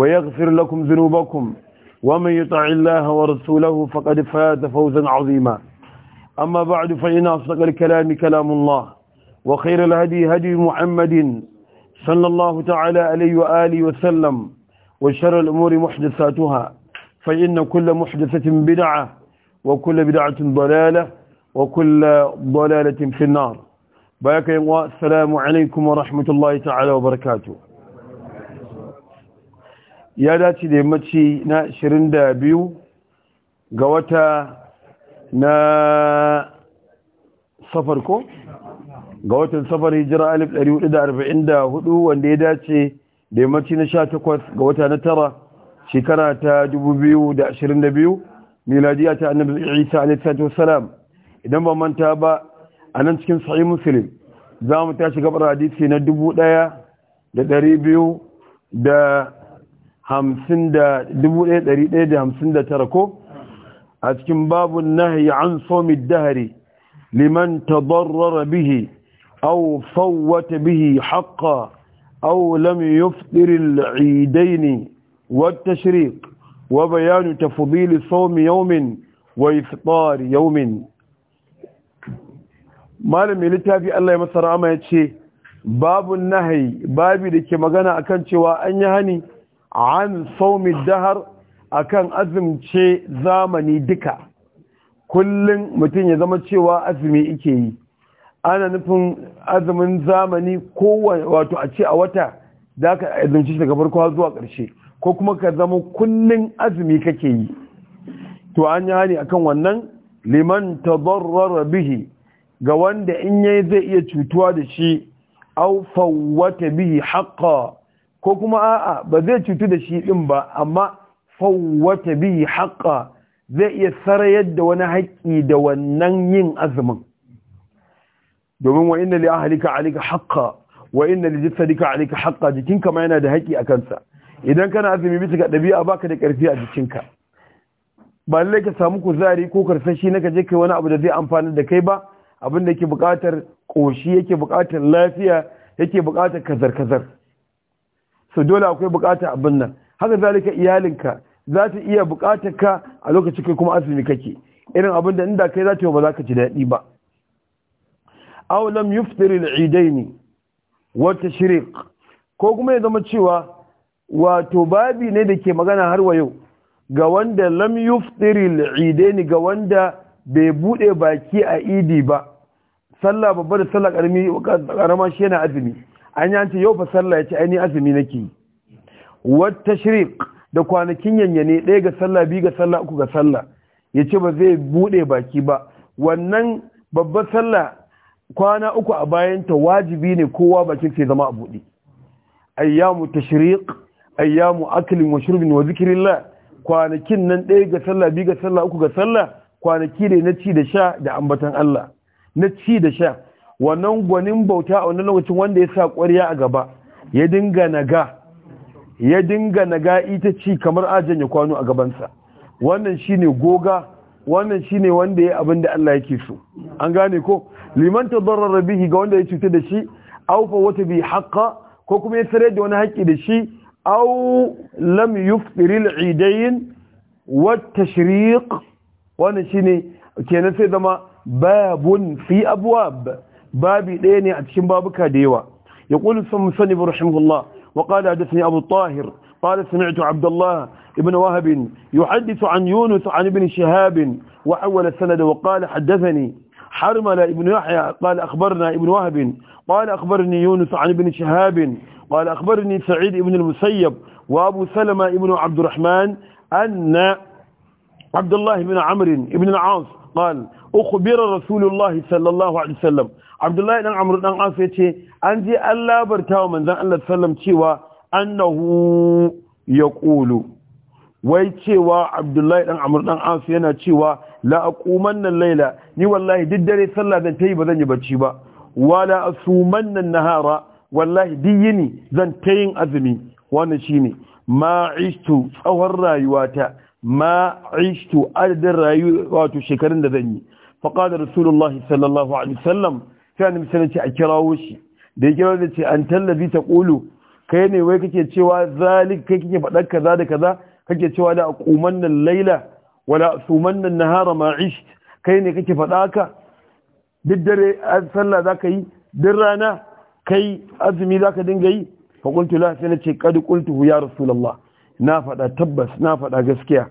ويغفر لكم ذنوبكم ومن يطع الله ورسوله فقد فاز فوزا عظيما أما بعد فإن أصدق الكلام كلام الله وخير الهدي هدي محمد صلى الله تعالى عليه وآله وسلم وشر الأمور محدثاتها فإن كل محدثة بدعة وكل بدعة ضلالة وكل ضلالة في النار بياك السلام عليكم ورحمة الله تعالى وبركاته ya dace da yammaci na 22 ga wata na safar ko ga watan safar hijira 1444 wanda ya dace da yammaci na 18 ga wata na tara shekara ta 2022 miladiya ta annabi isa alaihi salam idan ba manta ba a nan cikin sa'i musulun za mu tashi gabar hadisi na 1200 da da tara ko a cikin babun nahyi an somi dahari liman tadarrara bihi aw fawwata bihi haqqan aw lam yufdir al-eidain wa bayanu tashriq wa bayan tafdil sawmi yawmin wa yawmin malami littafi Allah ya masa rahama yace babun nahyi babi ke magana akan cewa an yi hani an saumi dahar a kan azumce zamani duka kullum mutum ya zama cewa azumi ike yi ana nufin azumin zamani kowane wato a ce a wata za ka azumci shi daga farko zuwa ƙarshe ko kuma ka zama kullum azumi kake yi to an yi hani akan wannan liman tabarrar bihi ga wanda in yayi zai iya cutuwa da shi au fawwata bihi haƙƙa. ko kuma a'a ba zai cutu da shi din ba amma fawwata bihi haqqa zai iya sarayar da wani haƙƙi da wannan yin azumin domin wa inna li ahlika alika haqqa wa inna li jasadika alika haqqa jikinka ma yana da haƙƙi a kansa idan kana azumi bisa ga ɗabi'a baka da ƙarfi a jikinka ba lallai ka samu kuzari ko karsashi na kaje kai wani abu da zai amfana da kai ba abin da yake buƙatar ƙoshi yake buƙatar lafiya yake buƙatar kazar-kazar so dole akwai bukata abin nan haka zalika iyalinka za ta iya bukatar ka a lokacin kai kuma azumi kake irin abin da inda kai za ta yi ba za ka ji daɗi ba aw lam yuftir al-idaini wa tashriq ko kuma ya zama cewa wato babi ne da ke magana har wa yau ga wanda lam yuftir al-idaini ga wanda bai bude baki a idi ba sallah babbar da sallah karami karama shi yana azumi an yi yau fasalla ya ce ainihin azumi nake yi wata shirik da kwanakin yanyane ɗaya ga sallah biyu ga sallah uku ga sallah ya ce ba zai buɗe baki ba wannan babbar salla kwana uku a bayanta wajibi ne kowa bakin sai zama a buɗe ayyamu tashriq ayyamu aklin wa shurbin wa zikrillah kwanakin nan ɗaya ga sallah biyu ga sallah uku ga sallah kwanaki ne na ci da sha da ambatan Allah na ci da sha wannan gwanin bauta a wannan lokacin wanda ya sa ƙwariya a gaba ya dinga naga ya dinga naga ita ci kamar ajan ya kwano a gabansa wannan shine goga wannan shine wanda ya abin da Allah yake so an gane ko liman tadarrara bihi ga wanda ya cuta da shi aw fa wata bi haqqa ko kuma ya sare da wani haƙƙi da shi aw lam yuftiri al-idayn wa tashriq wannan shine kenan sai zama babun fi abwab بابي ديني ne بابك cikin يقول da yawa رحمه الله وقال musani أبو الطاهر قال سمعت عبد الله ابن وهب يحدث عن يونس عن ابن شهاب وحول السند وقال حدثني حرمل ابن يحيى قال أخبرنا ابن وهب قال أخبرني يونس عن ابن شهاب قال أخبرني سعيد ابن المسيب وأبو سلمة ابن عبد الرحمن أن عبد الله بن عمرو بن العاص قال ukhbira rasulullahi sallallahu alaihi wasallam abdullahi dan amr dan ce an je an labarta wa manzon Allah sallam cewa annahu yaqulu wai cewa abdullahi dan amr dan as yana cewa la aqumanna layla ni wallahi duk dare sallah zan tayi ba zan yi bacci ba wala asumanna nahara wallahi duk yini zan yin azumi wannan shine ma'ishtu tsawon rayuwata ma'ishtu adadin rayuwa wato shekarun da zan yi faƙadar rasulullahi sallallahu alaihi wasallam sai annabi sallallahu alaihi a kirawo shi da ya kirawo da ce an tallabi ta kulu. kai ne wai kake cewa zalik kai kake faɗar kaza da kaza kake cewa da aquman nan laila wala suman nan nahara ma isht kai ne kake faɗa ka duk dare sallah zaka yi duk rana kai azumi zaka dinga yi fa qultu la sai nace qad qultu ya rasulullah na faɗa tabbas na faɗa gaskiya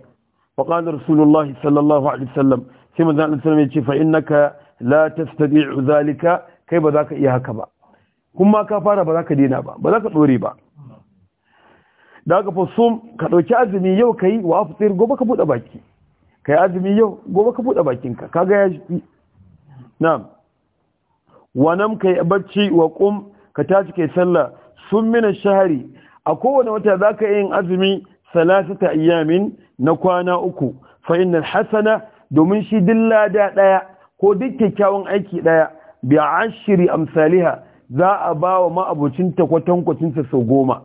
fa qala rasulullah sallallahu alaihi wasallam sai mazan Allah sallallahu ya ce fa la ta tastati'u zalika kai ba za ka iya haka ba kuma ka fara ba za ka dina ba ba za ka dore ba da aka ka ɗauki azumi yau kai wa tsayar gobe ka bude baki kai azumi yau gobe ka bude bakinka kaga ya shi na wanan ka yi bacci wa kum ka tashi kai sallah sun mina shahari a kowane wata za zaka yin azumi salasata ayyamin na kwana uku fa innal hasana domin shi duk lada ɗaya ko duk kyakkyawan aiki ɗaya bi ashiri amsaliha za a ba wa ma'abucin ta sau goma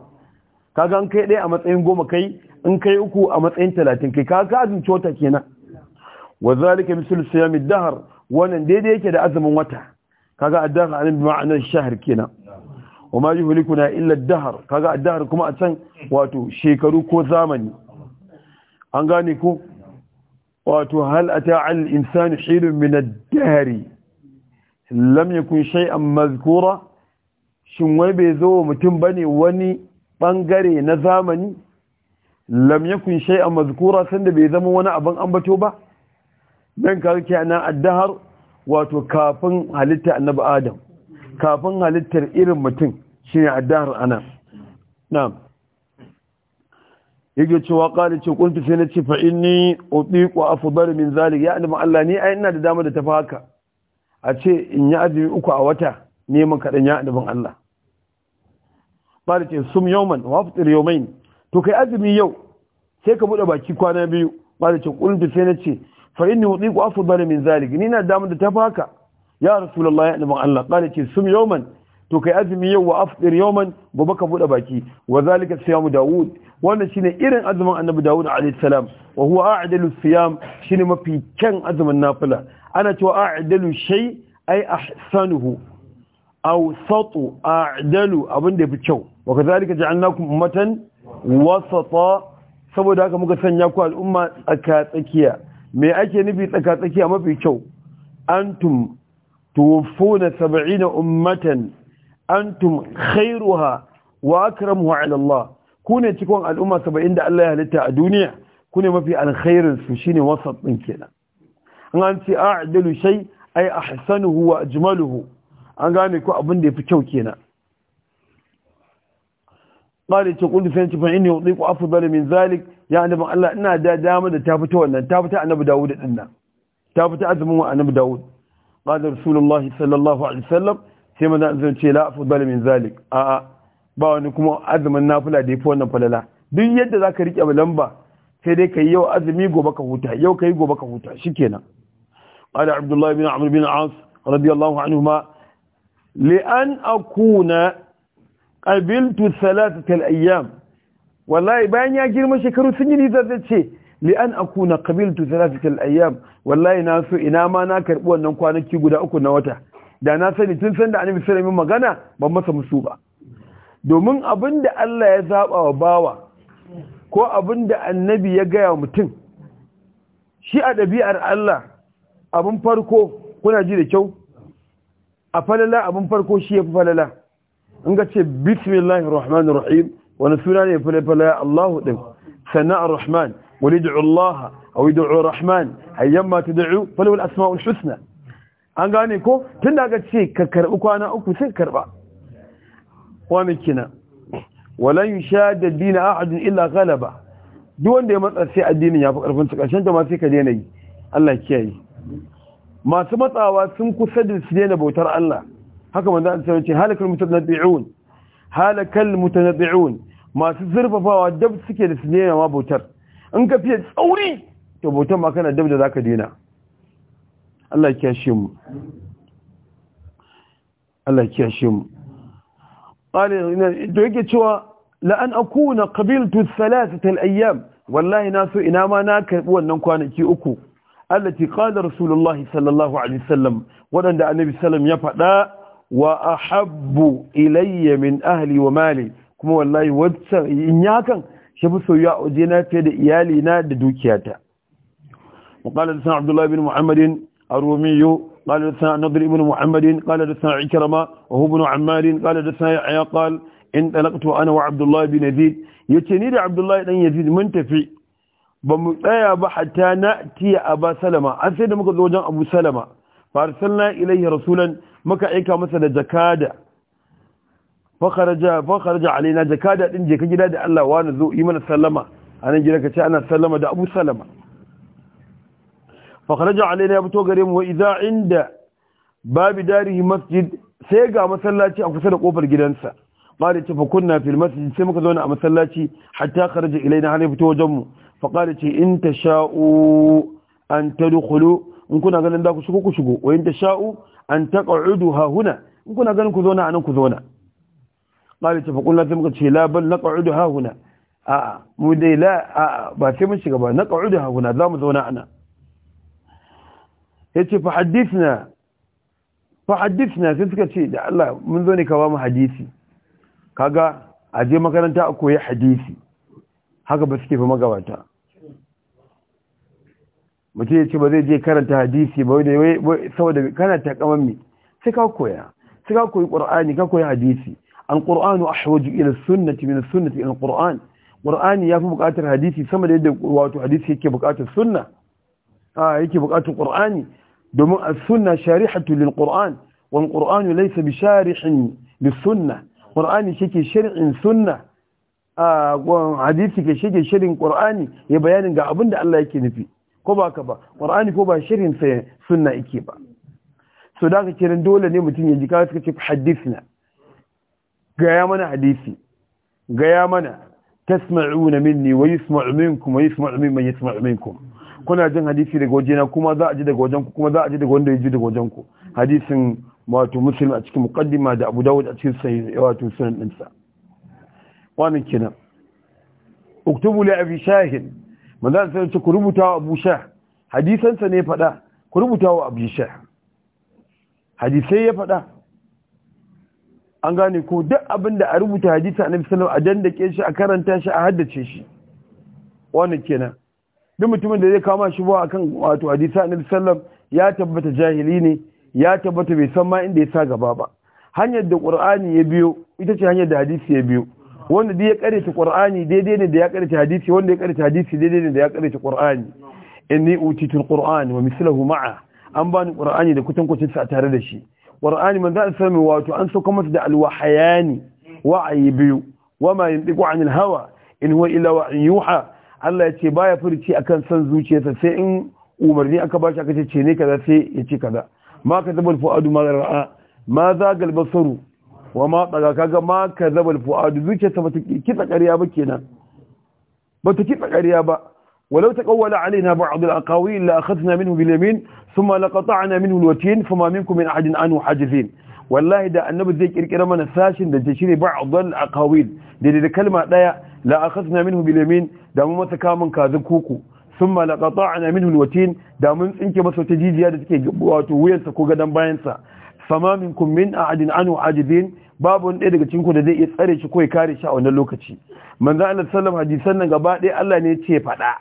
kaga an kai ɗaya a matsayin goma kai in kai uku a matsayin talatin kai kaga azin cota kenan wa zalika misal siyami dahar wannan daidai yake da azumin wata kaga addahar anan bi ma'ana shahar kenan wa ma yuhlikuna illa ad-dahr kaga ad-dahr kuma a can wato shekaru ko zamani an gane ko wato hal ata al insani hilun min ad-dahri lam yakun shay'an mazkura shin wai bai zo mutum bane wani bangare na zamani lam yakun shay'an mazkura sanda bai zama wani abin ambato ba dan kaga kenan ad-dahr wato kafin halitta annabi adam kafin halittar irin mutum shine ad-dahr ana na'am yake cewa qala ce kuntu sai nace fa inni utiqu afdal min zalik ya annabi Allah ni ai ina da dama da tafi haka a ce in yi azumi uku a wata neman kadan ya annabin Allah qala ce sum yawman wa aftir yawmain to kai azumi yau sai ka bude baki kwana biyu qala ce kuntu sai nace fa inni utiqu afdal min zalik ni ina da dama da tafi haka ya rasulullah ya annabin Allah qala ce sum yawman to kai azumi yau wa aftir yawman gobe ka bude baki wa zalika siyamu daud wannan shine irin azumin annabi dawud alayhi salam wa huwa a'dalu siyam shine mafi kyan azumin nafila ana cewa a'dalu shay ay ahsanuhu aw satu a'dalu abin da yafi kyau wa kazalika ja'alnakum ummatan wasata saboda haka muka sanya ku al'umma tsaka tsakiya me ake nufi tsaka tsakiya mafi kyau antum tuwfuna 70 ummatan antum khairuha wa akramuha 'ala Allah ku ne cikon al'umma saba'in da Allah ya halitta a duniya ku ne mafi Shi su shine wasat ke kenan an an ce a'dalu shay ay ahsanuhu wa ajmaluhu an gane ku abin da kyau kenan qali ce kullu sai fa inni udiku afdal min ya annabi Allah ina da dama da ta nan ta fita azumin wa annabi Dawud qala rasulullahi sallallahu alaihi wasallam sai manzo ce la afdal min ba wani kuma azumin nafila da ya fi wannan falala duk yadda za ka riƙe lamba sai dai ka yi yau azumi gobe ka huta yau ka yi gobe ka huta shi kenan قال عبد الله بن عمرو بن عاص رضي الله عنهما لأن أكون قبلت ثلاثة الأيام والله بان يا جرم شكرو سنين إذا ce لأن أكون قبلت Wallahi الأيام so ina ma na ناكر wannan kwanaki guda uku na wata da na sani tun san da annabi sallallahu alaihi magana ban masa musu ba domin abin da Allah ya zaɓa wa bawa ko abin da annabi ya gaya mutum shi a ɗabi'ar Allah abin farko kuna ji da kyau a falala abin farko shi ya fi falala in ga ce bismillahir rahim wani suna ne ya falala Allahu ɗin sana'ar rahman wani da'u Allah a wani da'u rahman hayyan ma ta da'u falawar asma'ul husna an gane ko tun da aka ce ka karɓi kwana uku sai karɓa wamikina walan da dina ahadun illa galaba. duk wanda ya matsa sai addinin ya fi karfin ta karshen ta ma sai ka daina yi Allah kiyaye masu matsawa sun kusa da su daina bautar Allah haka manzo Allah ya ce halakal mutanabbi'un halakal mutanabbi'un masu zurfafawa dab suke da su daina ma bautar in ka fiye tsauri to bautar ma kana dab da zaka daina Allah ya kiyashe mu Allah ya kiyashe mu da yake cewa la'an akuna qabiltu thalathatal ayyam wallahi na so ina ma na karbi wannan kwanaki uku allati qala rasulullahi sallallahu alaihi wadanda annabi sallam ya faɗa wa ahabbu ilayya min ahli wa mali kuma wallahi waccan in ya kan shi fi soyuwa a waje na fiye da iyali na da dukiyata وقال لسان bin الله بن محمد الرومي قال حدثنا نضر بن محمد قال حدثنا عكرمة وهو بن عمار قال حدثنا يحيى قال انطلقت انا وعبد الله بن يزيد يتني عبد الله بن يزيد من تفي bamu tsaya ba hatta na tiya aba salama har sai da muka zo wajen abu salama farsalna ilayhi rasulan muka aika masa da jakada fa kharaja fa kharaja alaina jakada din je ka gida da Allah wa zo yi mana sallama anan ana sallama da abusalama. fakaraja alaina ya fito gare mu wa idza inda babi darihi masjid sai ga masallaci a kusa da kofar gidansa qala fakun na fil masjid sai muka zauna a masallaci hatta kharaja ilaina har ya fito wajen mu fa qala ce in sha'u an ta dukulu in kuna ganin da ku shigo ku shigo wa in ta sha'u an ta taq'udu ha huna in kuna ganin ku zauna a nan ku zauna qala fakun na sai muka ce la bal naq'udu ha huna a'a mu dai la a'a ba sai mun shiga ba na naq'udu ha huna za mu zauna anan ya ce fahaddifna sai suka ce da Allah mun zo ne ba mu hadisi kaga a je makaranta a koyi hadisi haka ba suke fi magabata mutum ya ce ba zai je karanta hadisi ba wai saboda kana kaman mi sai ka koya sai ka koyi qur'ani ka koyi hadisi an qur'anu ahwaju ila sunnati min sunnati ila qur'an qur'ani yafi bukatar hadisi sama da yadda wato hadisi yake bukatar sunna a yake buƙatar qur'ani domin as-sunna sharihatu lil qur'an wal qur'anu laysa bi sharihin lis sunna qur'ani shike shari'in sunna a hadisi ke shige shirin qur'ani ya bayanin ga abin Allah yake nufi ko ba ka ba qur'ani ko ba shirin sa sunna yake ba so da ka kiran dole ne mutum ya ji ka suka ce hadithna gaya mana hadisi gaya mana tasma'una minni wa yasma'u minkum wa yasma'u mimman yasma'u minkum kuna jin hadisi daga wajena kuma za a ji daga wajen ku kuma za a ji daga wanda ya ji daga wajen ku hadisin wato muslim a cikin mukaddima da abu dawud a cikin sahih wato sunan dinsa wannan kenan uktubu li abi shahin manzo sai ce ku rubuta wa abu shah hadisan sa ne fada ku rubuta wa abu shah hadisai ya fada an gane ko duk abin da a rubuta hadisi annabi sallallahu alaihi wasallam a dandake shi a karanta shi a haddace shi wannan kenan duk mutumin da zai kama shi ba akan wato hadisa annabi sallam ya tabbata jahili ne ya tabbata bai san ma inda ya sa gaba ba hanyar da qur'ani ya biyo ita ce hanyar da hadisi ya biyo wanda duk ya karanta qur'ani daidai ne da ya karanta hadisi wanda ya karanta hadisi daidai ne da ya karanta qur'ani inni utitu alqur'ani wa mislahu ma'a an bani qur'ani da kutankucin sa tare da shi qur'ani manzo Allah sallallahu wato an sauka masa da alwahayani wa'ayi biyu wama yantiqu anil hawa in huwa illa wa'yuha Allah ya ce baya furci akan san zuciyarsa sai in umarni aka ba shi aka ce ce ne kaza sai ya ce kaza ma ka zabal fu'adu ma ra'a ma zagal saru wa ma daga kaga ma ka zabal fu'adu zuciyarsa bata kitsa ƙarya ba kenan bata kitsa ƙarya ba ولو تقول علينا بعض الأقاويل لأخذنا منه باليمين ثم لقطعنا منه الوتين فما منكم من أحد عنه حاجزين wallahi da annabi zai kirkira mana sashin da ta shine ba a aqawil da da kalma daya la akhadna minhu bil yamin da mu mata kamun kazin kuku thumma la qata'na minhu al watin da mun tsinke masa ta jijiya da take wato wuyansa ko gadan bayansa fama minkum min a'adin anu ajidin babu wani ɗaya daga cikin ku da zai iya tsare shi ko ya kare shi a wannan lokaci manzo Allah sallallahu alaihi wasallam hadisan nan gaba ɗaya Allah ne ya ce faɗa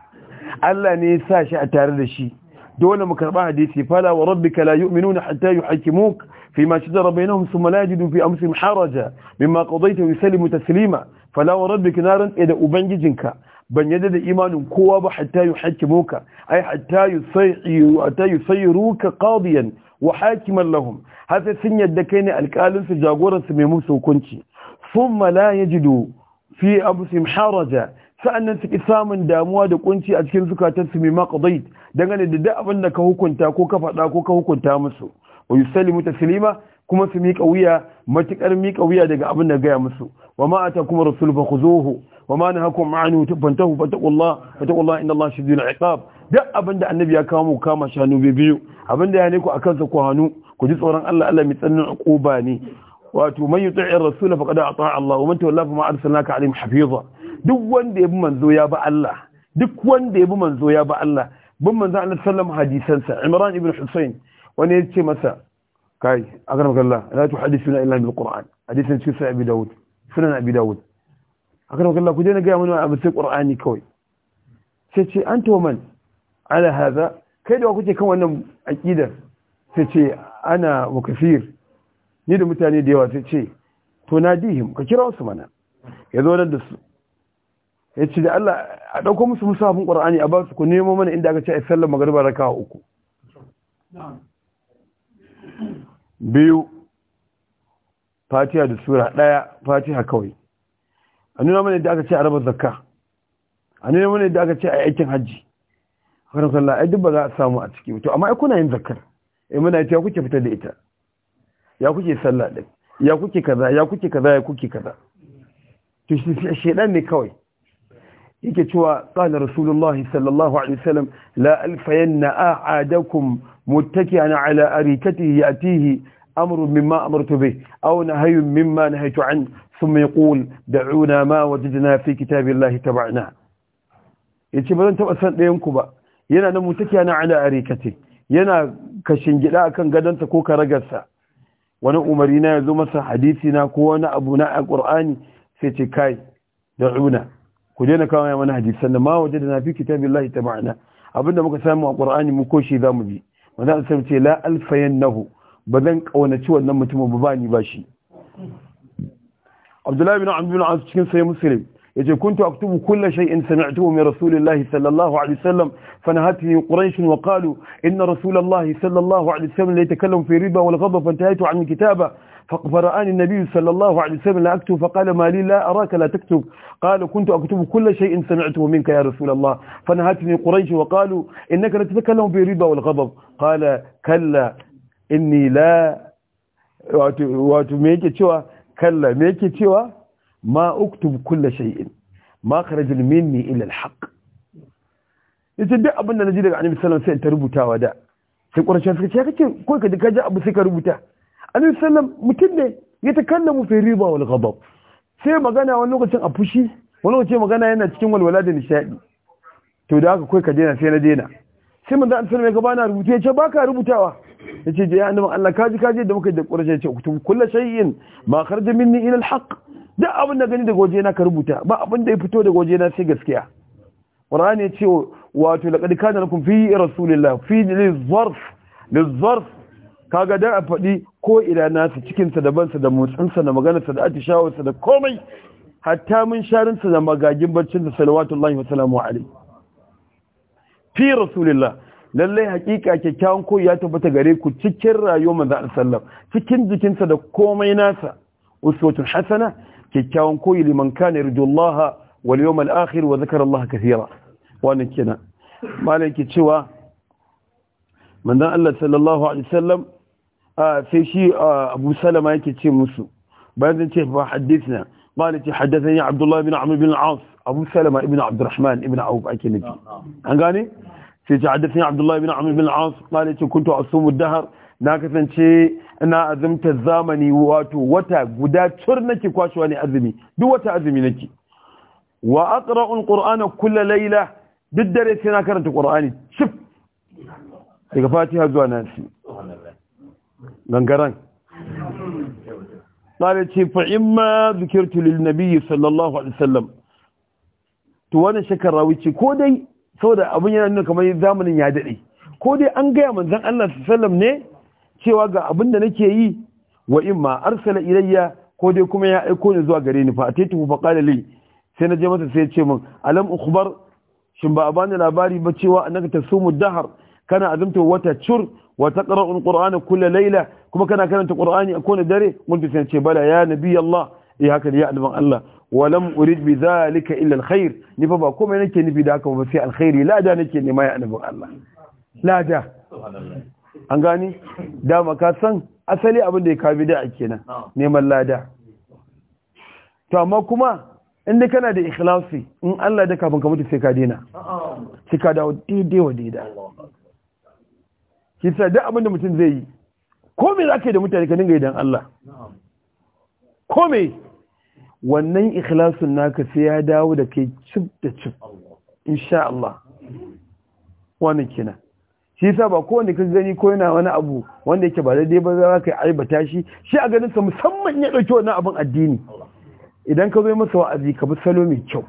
Allah ne ya sa shi a tare da shi دون دول مكربها دي فلا وربك لا يؤمنون حتى يحكموك فيما شجر بينهم ثم لا يجدوا في أمسهم حرجا مما قضيت ويسلم تسليما فلا وربك نارا إذا أبنججنك بن يدد إيمان كواب حتى يحكموك أي حتى يصيروك قاضيا وحاكما لهم هذا سن الدكين الكال سجاورا سميموس وكنتي ثم لا يجدوا في أمسهم حرجا sa'annan su ki samun damuwa da kunci a cikin zukatansu mai maqdait dangane da duk abin da ka hukunta ko ka faɗa ko ka hukunta musu wa yusallimu taslima kuma su miƙa wuya matuƙar miƙa wuya daga abin da gaya musu wa ma atakum rasul fa khuzuhu wa ma nahakum anhu fantahu fattaqullah fattaqullah inna allaha shadidul iqab duk abin da annabi ya kawo mu kama shanu biyu abin da ya ne ku akan sa ku hanu ku ji tsoron Allah Allah mai tsannin uquba ne wato man yuti'ir rasul faqad ata'a Allah wa man tawalla fa ma arsalnaka alayhim hafiza duk wanda ya bi manzo ya bi Allah duk wanda ya bi manzo ya bi Allah bin manzo Allah sallam sa Imran ibn Husayn wani ya ce masa kai akaram kallah la hadithuna illa bil Qur'an hadisan shi sai Abi Dawud sunan Abi Dawud akaram kallah ku dena ga mun a sai Qur'ani kawai sai ce an wa man ala hada kai da kuke kan wannan aqida sai ce ana wa kafir ni da mutane da yawa sai ce to nadihim ka kira su mana ya zo da su ya ce da Allah a ɗauko musu musafin ƙwar'ani a ba su ku nemo mana inda aka ce a sallar magariba raka uku biyu fatiha da sura ɗaya fatiha kawai a nuna mana inda aka ce a raba zakka a nuna mana inda aka ce a aikin hajji kan kalla a duk ba za a samu a ciki to amma ai kuna yin zakkar ya muna ya kuke fitar da ita ya kuke sallah ɗin? ya kuke kaza ya kuke kaza ya kuke kaza to shi shedan ne kawai yake cewa qala rasulullahi sallallahu alaihi wasallam la alfayanna ahadakum muttaki'an ala arikatihi yatihi amru mimma amartu bih aw nahyun mimma nahaytu an thumma yaqul da'una ma wajadna fi kitabillahi tab'ana yace bazan taba san dayan ku ba yana nan muttaki'an ala arikatihi yana kashin gida akan gadonsa ko karagarsa wani umari na ya zo masa hadisi na ko wani abu na alqur'ani sai ce kai da'una ku daina kawo mana hadisan da ma waje da na fi ta tabana abinda muka samu a qur'ani mu koshe za mu bi manzo sai ce la alfayannahu ba zan ƙaunaci wannan mutumin ba ba ni ba shi Abdullahi bin Abdul cikin sai Muslim يجب كنت أكتب كل شيء سمعته من رسول الله صلى الله عليه وسلم فنهتني قريش وقالوا إن رسول الله صلى الله عليه وسلم لا يتكلم في ربا والغضب فانتهيت عن الكتابة فقفرآني النبي صلى الله عليه وسلم لا أكتب فقال ما لي لا أراك لا تكتب قال كنت أكتب كل شيء سمعته منك يا رسول الله فنهتني قريش وقالوا إنك لا تتكلم في ربا والغضب قال كلا إني لا واتميك كلا ميك تشوى ma uktub kulla shay'in ma kharajul minni ila al-haq yace duk abin da naji daga annabi sallallahu alaihi wasallam sai ta rubutawa da sai ƙwarshen suka ce kake ko ka ka ji abu sai ka rubuta annabi sallam mutum ne ya ta kallamu fi riba wal ghadab sai magana wani lokacin a fushi wani lokacin magana yana cikin walwala da nishadi to da haka koi ka daina sai na daina sai manzo annabi sallam ya ga bana rubuta ya ce baka rubutawa ya ce ya annabi Allah ka ji da muka da ƙwarshen ya ce kutum kullu shay'in ma kharaja minni ila al-haq duk abin da gani daga waje na ka rubuta ba abin da ya fito daga waje na sai gaskiya qur'ani ya ce wato laqad kana lakum fi rasulillah fi lizarf lizarf kaga dan a faɗi ko ila nasu cikin sa da bansa da motsin sa da maganar sa da atishawar sa da komai hatta mun sharin sa da magagin barcin sa salawatullahi wa salamu alaihi fi rasulillah lallai hakika kyakkyawan koyi ya tabbata gare ku cikin rayuwar manzo sallam cikin jikinsa da komai nasa uswatun hasana kyakkyawan koyi liman kana yarjullaha wal yawmal akhir wa zakara Allah kathira wannan kina malai ke cewa manzon Allah sallallahu alaihi wasallam sai shi Abu Salama yake ce musu bayan zan ce fa hadithna malai ce haddathani Abdullah ibn Amr ibn al-As Abu Salama ibn Abdurrahman ibn Auf ake nufi an gane sai ce haddathani Abdullah ibn Amr ibn al-As malai ce kuntu asumu ad-dahr na kasance ina azumta zamani wato wata guda cur nake kwashewa ne azumi duk wata azumi nake wa aqra'u alqur'ana kulla laila, duk dare sai na karanta qur'ani cif daga fatiha zuwa nasi gangaran qala ce fa imma zikirtu lil nabiy sallallahu alaihi wasallam to wannan shekara wuce ko dai saboda abun yana nuna kamar zamanin ya daɗe, ko dai an gaya manzon Allah sallallahu ne cewa ga abin da nake yi wa imma arsala ilayya ko dai kuma ya aiko ni zuwa gare ni fa ataitu fa qala li sai na je masa sai ya ce min alam ukhbar shin ba a bani labari ba cewa annaka tasumu dahar kana azumta wata cur wa taqra'u alqur'ana kull layla kuma kana karanta qur'ani a kowane dare mun sai ce bala ya nabi Allah eh haka ya annaban Allah wa lam urid bi zalika illa alkhair ni fa ba komai nake nufi da haka ba sai alkhairi lada nake nema ya annaban Allah lada an gani dama ka san asali abin da ya kawo a kenan ah. neman lada to amma kuma inda kana da ikhlasi in Allah da kafin ka mutu sai ka dina ah. sai ka dawo daidai wa daida duk abin da mutum zai yi ko me ka yi da mutane ka dinga yi dan Allah ko me wannan ikhlasin naka sai ya dawo da kai cib da cib insha Allah wannan kenan shi yasa ba kowane ka gani ko yana wani abu wanda yake ba daidai ba za ka yi aibata shi shi a ganin sa musamman ya dauki wannan abin addini idan ka zo masa wa'azi ka bi salo mai kyau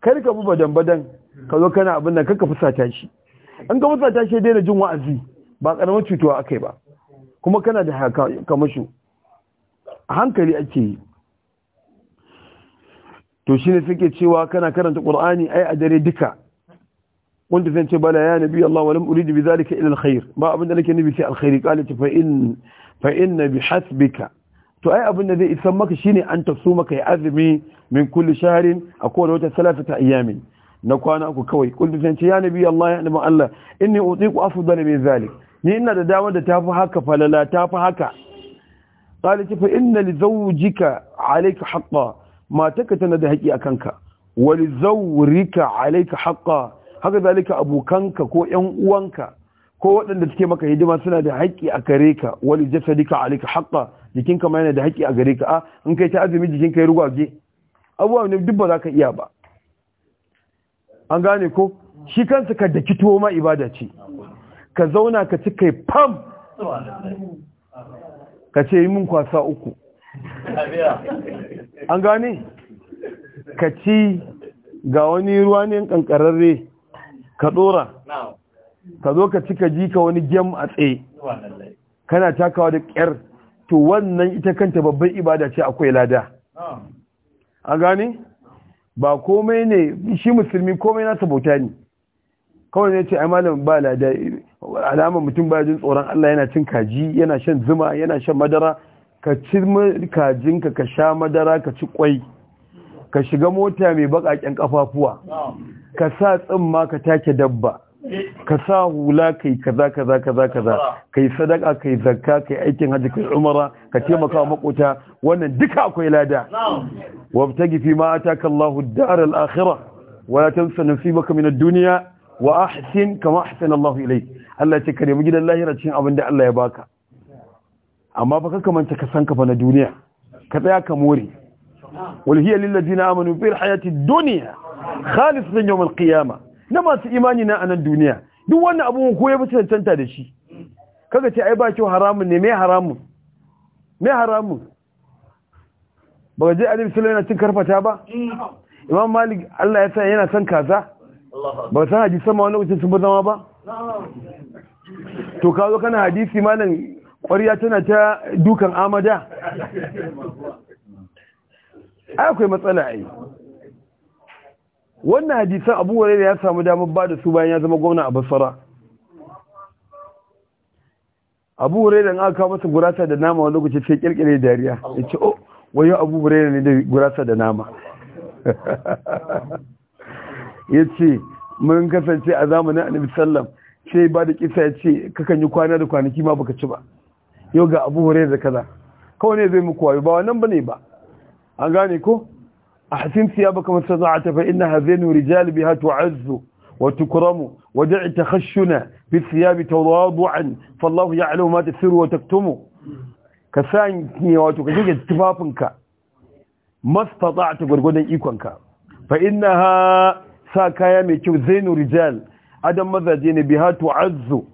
kar ka bi badan badan ka zo kana abin nan ka fusata shi an ka fusata shi daina jin wa'azi ba karamar cutuwa akai ba kuma kana da haka kamashu a hankali ake yi to shine suke cewa kana karanta qur'ani ai a dare duka kuntu zan ce bala ya nabi Allah walam uridu bi zalika ila alkhair ba abin da nake nabi sai alkhairi qala fa in fa inna bi hasbika to ai abin da zai isan maka shine an tasu maka ya azumi min kulli shahrin a kowace wata salatata ayyamin na kwana uku kawai kuntu zan ce ya nabi Allah ya nabi Allah inni utiku afdal min zalik ni ina da damar da tafi haka falala tafi haka qala fa inna li zawjika alayka haqqan mataka tana da haƙi akanka wa li zawrika alayka haqqan haka zalika abokanka ko yan uwanka ko waɗanda suke maka hidima suna da haƙƙi a gare ka wali jasadika alika haqqa jikinka ma yana da haƙƙi a gare ka a in kai ta azumi jikinka ya rugwaje abubuwa ne duk ba za ka iya ba an gane ko shi kansa ka daki tuwo ma ibada ce ka zauna ka ci kai fam ka ce yi min kwasa uku an gane ka ci ga wani ruwa ne kankararre ka dora ka zo ka cika jika wani gem a tsaye kana takawa da ƙyar to wannan ita kanta babban ibada ce akwai lada a gani ba komai ne shi musulmi komai na sabauta ne kawai ne ce ai malam ba lada alama mutum ba jin tsoron Allah yana cin kaji yana shan zuma yana shan madara ka ci kajinka ka sha madara ka ci kwai ka shiga mota mai bakaken kafafuwa ka sa tsimma ka take dabba ka sa hula kai kaza kaza kaza kaza kai sadaka kai zakka kai aikin haji kai umara ka taimaka wa makota wannan duka akwai lada wabtagi fi ma ataka Allahu ad-dar al-akhirah wa la tansa nasibaka min ad-dunya wa ahsin kama ahsana Allahu ilayk Allah ya ce ka gidan lahira cikin abin da Allah ya baka amma fa kaka manta ka san ka fa na duniya ka tsaya ka more wal hiya lil ladina amanu fil hayati ad-dunya khalis min yawmul qiyama na masu imani na anan duniya duk wannan abun ko ya fi da shi kaga ce ai ba kyau haramun ne me haramun me haramun baka je annabi sallallahu cin karfata ba imam malik Allah ya sa yana san kaza ba san haji sama wani lokacin sun ba zama ba to ka zo kana hadisi malam ƙwariya tana ta dukan amada akwai matsala ai wannan hadisan abu hurairah ya samu damar ba da su bayan ya zama gwamna a basara abu da aka kawo masa gurasa da nama wani lokaci sai kirkire dariya ya ce oh wayo abu hurairah ne da gurasa da nama ya ce mun kasance a zamanin annabi sallam sai ba da kisa ya ce kakan yi kwana da kwanaki ma baka ci ba yau ga abu hurairah da kaza kawai ne zai muku wayo ba wannan bane ba an gane ko أحسن ثيابك واستطعت فإن هذين الرجال بها تعز وتكرم ودع تخشنا في الثياب تواضعا فالله يعلم ما تسر وتكتم كساني وتكجيك اتفافنك ما استطعت غرغدن ايكونك فإنها ساكايا ميكيو زين الرجال adam mazaje ne biha tu'azzu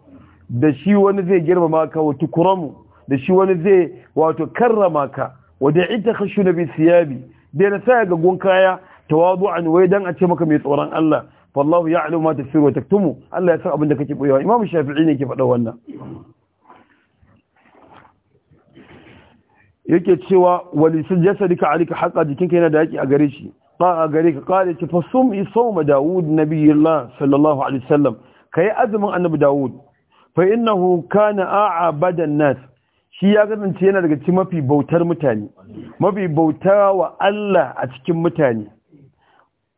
da shi wani zai girmama ka wa tukramu da shi wani zai wato karrama ka wa da ita khashu nabi siyabi da na saya gagon kaya tawadu'an wai dan a ce maka mai tsoron Allah wallahu ya'lamu ma tafsiru wa taktumu Allah ya san abin da kake boyewa Shafi'i ne ke faɗa wannan yake cewa wali jasadika alika haqa jikinka yana da yaki a gare shi ba a gare ka kare ce fa sum isawma Dawud sallallahu alaihi wasallam yi azumin annabi Dawud fa innahu kana aa badan nas shi ya kasance yana daga cikin mafi bautar mutane mafi bauta wa Allah a cikin mutane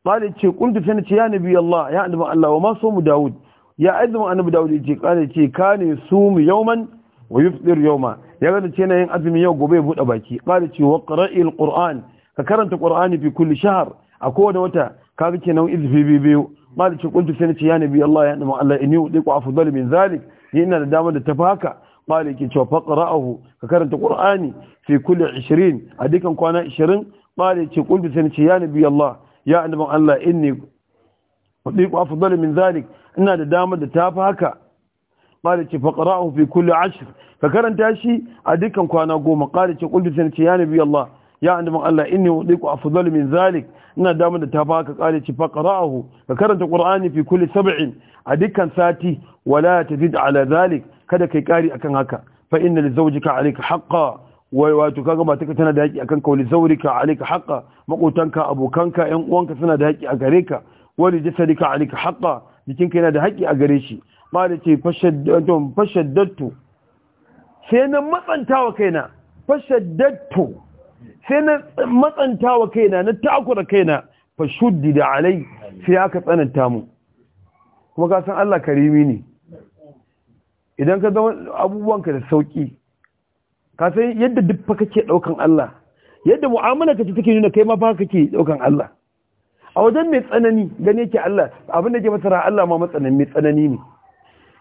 qala ce kuntu sai ce ya nabi Allah ya annabi Allah wa ma so mu Dawud ya azumu annabi Dawud ce qala ce kane sumu yawman wa yufdir yawma ya kasance yana yin azumi yau gobe ya bude baki qala ce wa qra'il qur'an ka karanta qur'ani fi kulli shahr a kowane wata kaga kenan izfi biyu qala ce kuntu sai ce ya nabi Allah ya annabi Allah inni udiku afdal min zalik ina da dama da tafi maliki cewa faqra'ahu ka karanta qur'ani fi kulle 20 a dukkan kwana 20 maliki kullu sai ce ya nabi Allah ya annabi Allah inni min zalik ina da damar da tafi haka maliki fi kulle 10 ka karanta shi a dukkan kwana goma maliki kullu sai ce ya nabi Allah ya annabi Allah inni udiku min zalik ina damar da tafi haka ka karanta qur'ani fi kulle 70 a dukkan sati wala tazid ala zalik kada kai kari akan haka fa inna li zawjika alayka haqqan wai wato kaga ba take tana da haƙi akan kauli zawrika alayka haqqan makotanka abokanka 'yan uwanka suna da haƙi a gare ka wani jasadika alayka haqqan kai yana da haƙi a gare shi ma da ce fashaddatu sai na matsantawa kaina fashaddatu sai na matsantawa kaina na takura kaina fashuddi da alai sai aka tsananta mu kuma ka san Allah karimi ne idan ka zama abubuwanka da sauki ka san yadda duk fa kake daukan Allah yadda mu'amala kace take nuna kai ma fa kake daukan Allah a wajen mai tsanani gane yake Allah abin da ke masara Allah ma matsanani mai tsanani ne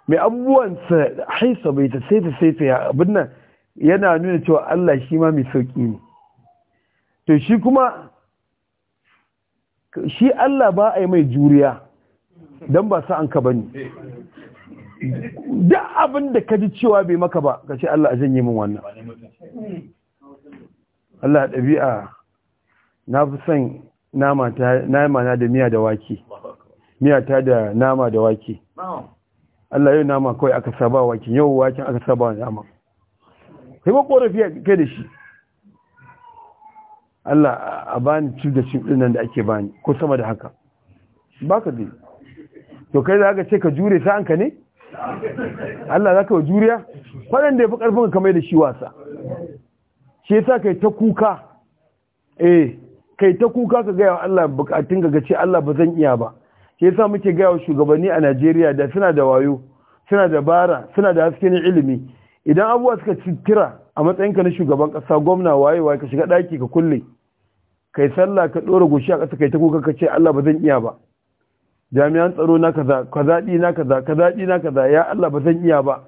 mai abubuwan sa haisa bai ta sai ta sai ta abin nan yana nuna cewa Allah shi ma mai sauki ne to shi kuma shi Allah ba a yi mai juriya don ba an ka bane duk abin da ka ji cewa bai maka ba ka ce Allah a janye min wannan Allah ɗabi'a na fi son nama na da miya da wake miya ta da nama da wake Allah yau nama kawai aka saba waken yau waken aka saba wa nama kai ma korafi kai da shi Allah a bani cin da cin ɗin nan da ake bani ko sama da haka baka dai to kai za ka ce ka jure sa'anka ne Allah za ka wa juriya da ya fi ƙarfin ka mai da shi wasa ke yasa kai ta kuka eh kai ta kuka ka gaya wa Allah bukatun ka ce Allah ba zan iya ba ke sa muke gaya wa shugabanni a Najeriya da suna da wayo suna da bara suna da hasken ilimi idan abubuwa suka tira a matsayinka na shugaban kasa gwamna waye waye ka shiga daki ka kulle kai sallah ka ɗora goshi a ƙasa kai ta kuka ka ce Allah ba zan iya ba jami'an tsaro na kaza kazaɗi na kaza kazaɗi na kaza ya Allah ba zan iya ba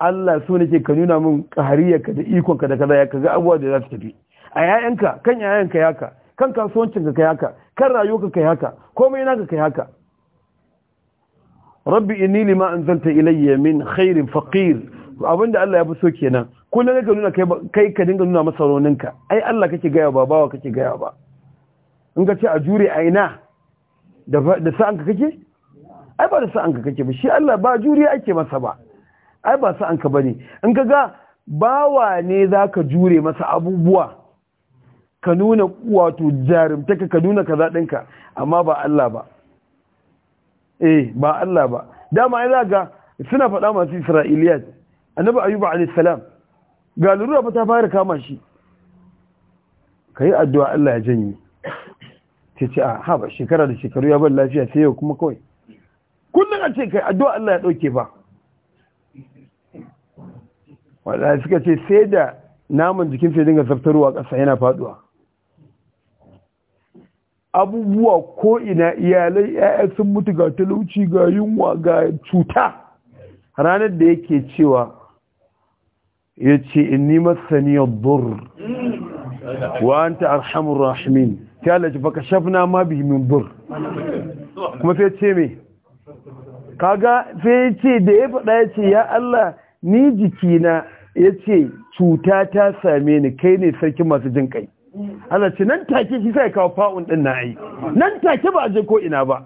Allah so nake ka nuna min kahariyarka da ikonka da kaza ya kaga abubuwa da za su tafi a yayanka kan yayanka yaka kan kasuwancinka ya ka kan rayuwarka kai haka komai ka kai haka rabbi inni lima anzalta ilayya min khairin faqir abinda Allah ya fi so kenan kullum ka nuna kai ka dinga nuna masa roninka ai Allah kake gaya ba bawa kake gaya ba in ka ce a jure a ina da sa'an ka kake ai ba da sa'an ka kake ba shi Allah ba juriya ake masa ba ai ba sa'an ka ne. in ka ga bawa ne za ka jure masa abubuwa ka nuna wato jarumtaka ka nuna kaza zaɗinka amma ba Allah ba eh ba Allah ba dama za ga suna faɗa masu isra'iliyat annabi ayyuba alaihissalam ga lura fa ta fara kama shi ka yi addu'a Allah ya janye sai ce a haba shekara da shekaru ya bar lafiya sai yau kuma kawai kullum a ce kai addu'a Allah ya dauke ba wanda suka ce sai da naman jikin sai dinga zaftarwa ƙasa yana faduwa abubuwa ko ina iyalai ya'ya sun mutu ga talauci ga yunwa ga cuta ranar da yake cewa ya ce ni masaniyar yadur wa ta arhamun rahimin sai Allah baka shafna ma bi min bur kuma sai ce me kaga sai ce da ya faɗa ya ce ya Allah ni jikina ya ce cuta ta same ni kai ne sarkin masu jin kai Allah ce nan take shi sai kawo fa'un din na yi nan take ba a je ko ina ba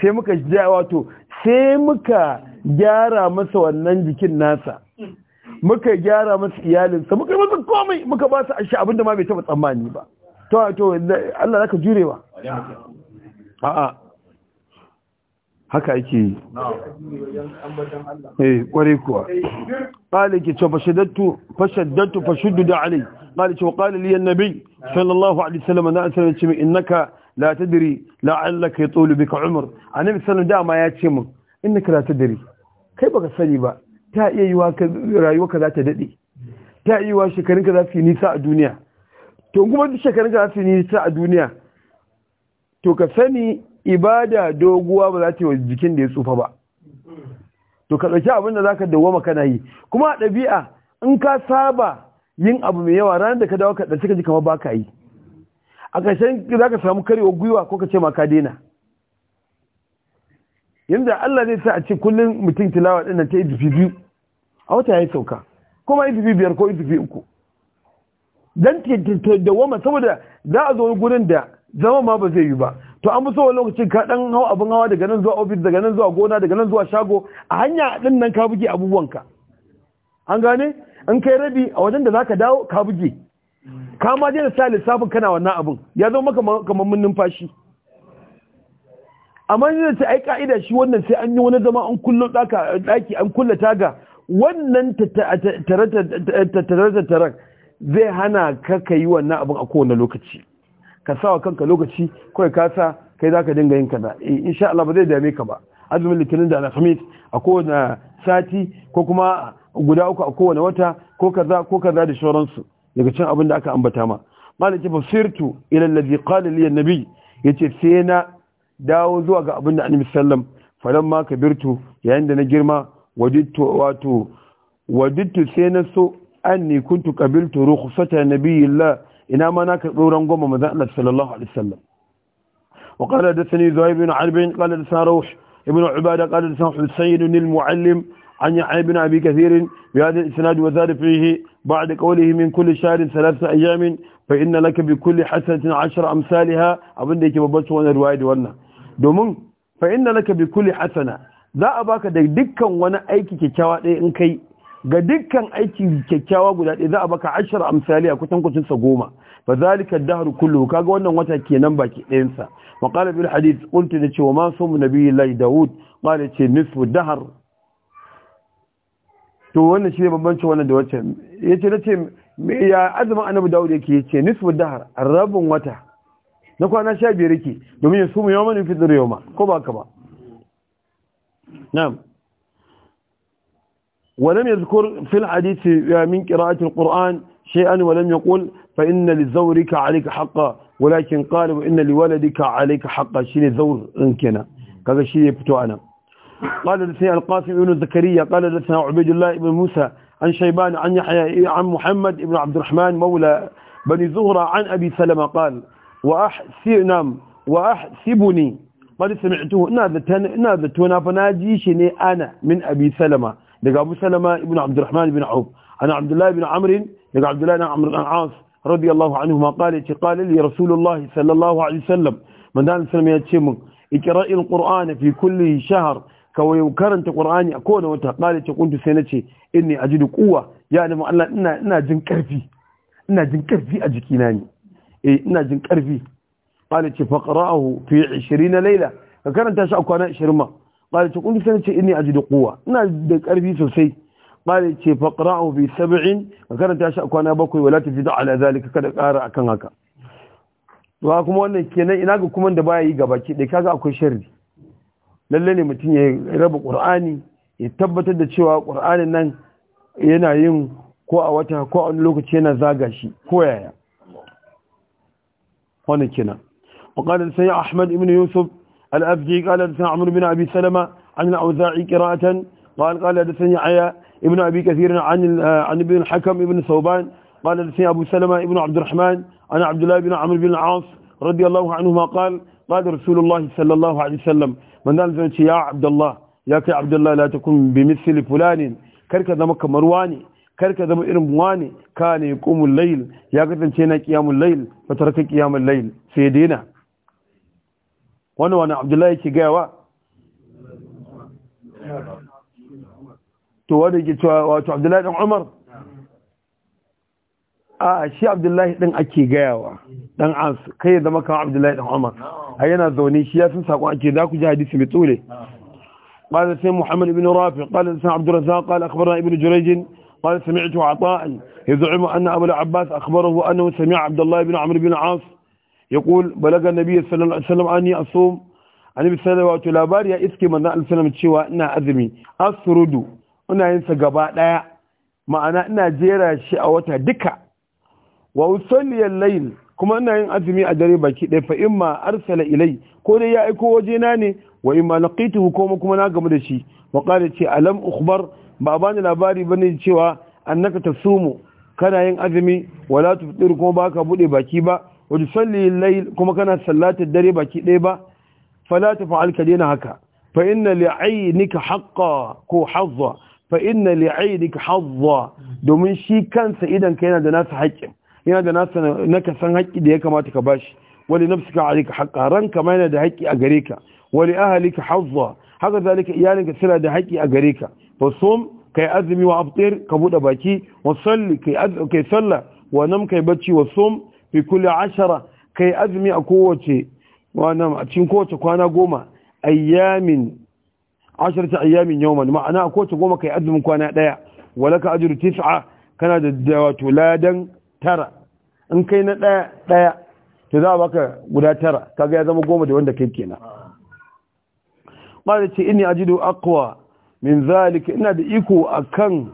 sai muka ja wato sai muka gyara masa wannan jikin nasa muka gyara masa iyalinsa muka yi masa komai muka ba su abinda ma bai taba tsammani ba to to Allah zaka jurewa a'a haka yake yi eh kware kuwa qali ki cewa shaddatu fashaddatu fashuddu da alai qali cewa qali li annabi sallallahu alaihi wasallam na sallallahu alaihi wasallam innaka la tadri la'allaka yatulu bika umr annabi sallallahu dama ya ce mun innaka la tadri kai baka sani ba ta iya yiwa ka rayuwa ka za ta dade ta iya yiwa shekarunka za su yi nisa a duniya to kuma duk shekarun ne su nisa a duniya to ka sani ibada doguwa ba za ta yi wa jikin da ya tsufa ba to ka ɗauki abin da za ka ma kana yi kuma a ɗabi'a in ka saba yin abu mai yawa ranar da ka dawo ka ɗarci ka ji kama ba ka yi a ƙarshen za ka samu karewa gwiwa ko ka ce ma ka daina yanzu Allah zai sa a ce kullum mutum tilawa ɗin ta idufi biyu a wata ya yi sauka kuma idufi biyar ko idufi uku dan wama saboda za a zo gurin da zama ma ba zai yi ba to an so lokacin ka dan hau abin hawa daga nan zuwa ofis daga nan zuwa gona daga nan zuwa shago a hanya din nan ka buge abubuwanka an gane in kai rabi a wajen da zaka dawo ka buge ka ma da sa lissafin kana wannan abin ya zama maka kamar mun numfashi amma ni ce ai ka'ida shi wannan sai an yi wani zama an daka daki an kullata ga wannan tattare tattare zai hana ka ka yi wannan abin a kowane lokaci ka sa wa kanka lokaci kawai ka sa kai za ka dinga yin kaza eh, sha Allah ba zai dame ka ba azumin litinin da alhamis a kowane sati ko kuma guda uku a kowane wata ko kaza ko kaza da shauransu daga cin abin da aka ambata ma malam ce fasirtu ila allazi qala li annabi yace sai na dawo zuwa ga abin da annabi sallam falan ma kabirtu yayin da na girma wadittu wato wadittu sai na so anni kuntu qabiltu rukhsata nabiyillah ina ma na karbi rangoma manzon Allah sallallahu alaihi wasallam wa qala dathani zuhayb ibn arb qala dathani rush ibn ubada qala dathani sayyid abinda yake babban su wannan riwayati wannan domin fa inna laka hasana za a baka da dukkan wani aiki kikkiawa dai in kai ga dukkan aiki kyakkyawa guda ɗaya za a baka ashirar amsali a kusan kucin sa goma fa zalika ad-dahr kullu kaga wannan wata kenan baki ɗayansa. Maƙala bil hadith qultu da cewa ma sumu nabiyyi daud qala ce nisfu dahr to wannan shi ne bambanci wannan da wacce yace nace ya azumin annabi daud yake yace nisfu dahr rabin wata na kwana sha biyar yake domin ya sumu yawman fi dhur yawma ko ba ka ba na'am ولم يذكر في الحديث آه، من قراءة القرآن شيئا ولم يقول فإن لزورك عليك حقا ولكن قال وإن لولدك عليك حقا شيء زور انكنا كذا شيء يبتو أنا قال لسنا القاسم ابن زكريا قال لسنا عبيد الله بن موسى عن شيبان عن يحيى عن محمد بن عبد الرحمن مولى بني زهرة عن أبي سلمة قال وأحسنم وأحسبني قد سمعته نادت نادت أنا من أبي سلمة daga abu salama ibn abdurrahman ibn auf ana abdullahi ibn amrin daga abdullahi ibn amr an as radiyallahu anhu ma qala ce qala li rasulullahi sallallahu alaihi wasallam manzon salama ya ce mun iqra'il qur'ana fi kulli shahr kawai karanta qur'ani a kowane wata qala kuntu sai nace inni ajidu quwwa ya ni Allah ina jin karfi a jikina eh, ina jin karfi qala ce faqra'ahu fi 20 layla ka karanta shi a kwana ma ƙwari ce kun sai ce a ajidu kowa ina da ƙarfi sosai ƙwari ce a bi saba'in ka karanta shi kwana bakwai wala ta da ala zalika kada ƙara akan haka to kuma wannan kenan ina ga kuma da baya yi gaba ki dai kaga akwai sharri lalle ne mutum ya raba qur'ani ya tabbatar da cewa ƙur'ani nan yana yin ko a wata ko a wani lokaci yana zaga shi ko yaya wannan kenan وقال سيدنا احمد ابن يوسف الأبجي قال حدثنا عمرو بن أبي سلمة عن الأوزاعي قراءة قال قال حدثني عيا ابن أبي كثير عن عن ابن الحكم ابن ثوبان قال حدثني أبو سلمة ابن عبد الرحمن عن عبد الله بن عمرو بن العاص رضي الله عنهما قال قال رسول الله صلى الله عليه وسلم من قال يا عبد الله يا كي عبد الله لا تكن بمثل فلان كركا زما كمر واني كركا زما irin wani كان يقوم الليل يا كتنتي نا قيام الليل فترك قيام الليل سيدينا wani wani abdullahi ke gayawa to wani ke wato abdullahi ɗan umar a shi abdullahi ɗan ake gayawa ɗan Ansu kai ya zama kan abdullahi ɗan umar a yana zaune shi ya sun saƙon ake za ku ji hadisi mai tsole قال سيد محمد بن رافع قال سيد عبد الرزاق قال أخبرنا ابن جريج قال سمعت عطاء يزعم أن أبو العباس أخبره أنه سمع عبد الله بن عمرو بن عاص yaqul balaga nabi sallallahu alaihi wasallam anni asum annabi sallallahu alaihi labari ya iske mana alaihi cewa ina azumi asrudu ina yin sa gaba daya ma'ana ina jera shi a wata duka wa usalli al-layl kuma ina yin azumi a dare baki ɗaya fa imma arsala ilai ko dai ya aiko waje na ne wa imma laqituhu ko kuma na gamu da shi wa qala ce alam ukhbar ba bani labari bane cewa annaka tasumu kana yin azumi wala tuftir kuma baka bude baki ba wa tusalli layl kuma kana sallatar dare baki ɗaya ba fala tafa'al daina haka fa inna li'aynika haƙa ko hazza fa inna li'aynika hazza domin shi kansa idan ka yana da nasa haƙƙin yana da nasa naka san haƙƙi da ya kamata ka bashi wali nafsika alayka haqqa ranka ma yana da haƙƙi a gare ka wani ahlika hazza haka zalika iyalinka suna da haƙƙi a gare ka fa kai azumi wa aftir ka buɗe baki wa salli kai kai salla wa nam kai bacci wa fi kulli ashara kai azumi a kowace wannan a cikin kowace kwana goma ayyamin asharta ayyamin ma'ana a kowace goma kai azumin kwana daya walaka ajiyar tis'a kana da wato ladan tara in kai na daya daya Ta za a baka guda tara kaga ya zama goma da wanda kai kenan da ce ina ajiyar akwa min zalika ina da iko akan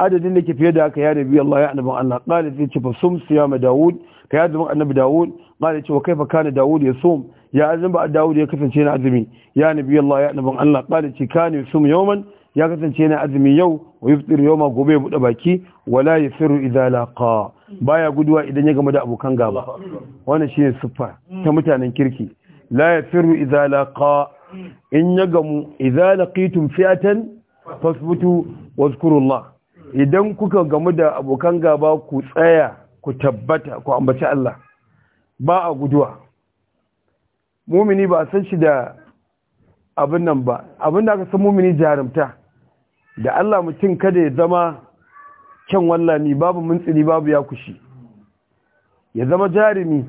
adadin da ke fiye da haka ya nabi Allah ya annabi Allah qala sai ce sum siyama daud ka ya azumi annabi daud qala ce wa kaifa kana daud ya sum ya azumi ba daud ya kasance na azumi ya nabi Allah ya annabi Allah qala ce kana sum yawman ya kasance na azumi yau wa yuftir yawma gobe ya bude baki wala yasiru idza laqa baya guduwa idan ya gama da abokan gaba wannan shine siffa ta mutanen kirki la yasiru idza laqa in ya gamu idza laqitum fi'atan fasbutu wazkurullah idan kuka gamu da abokan gaba ku tsaya ku tabbata ku ambaci Allah ba a guduwa mumini ba san shi da abin nan ba abin da aka san mumini jarumta da Allah mutum kada ya zama kyan wallani babu muntsiri babu ya kushi ya zama jarumi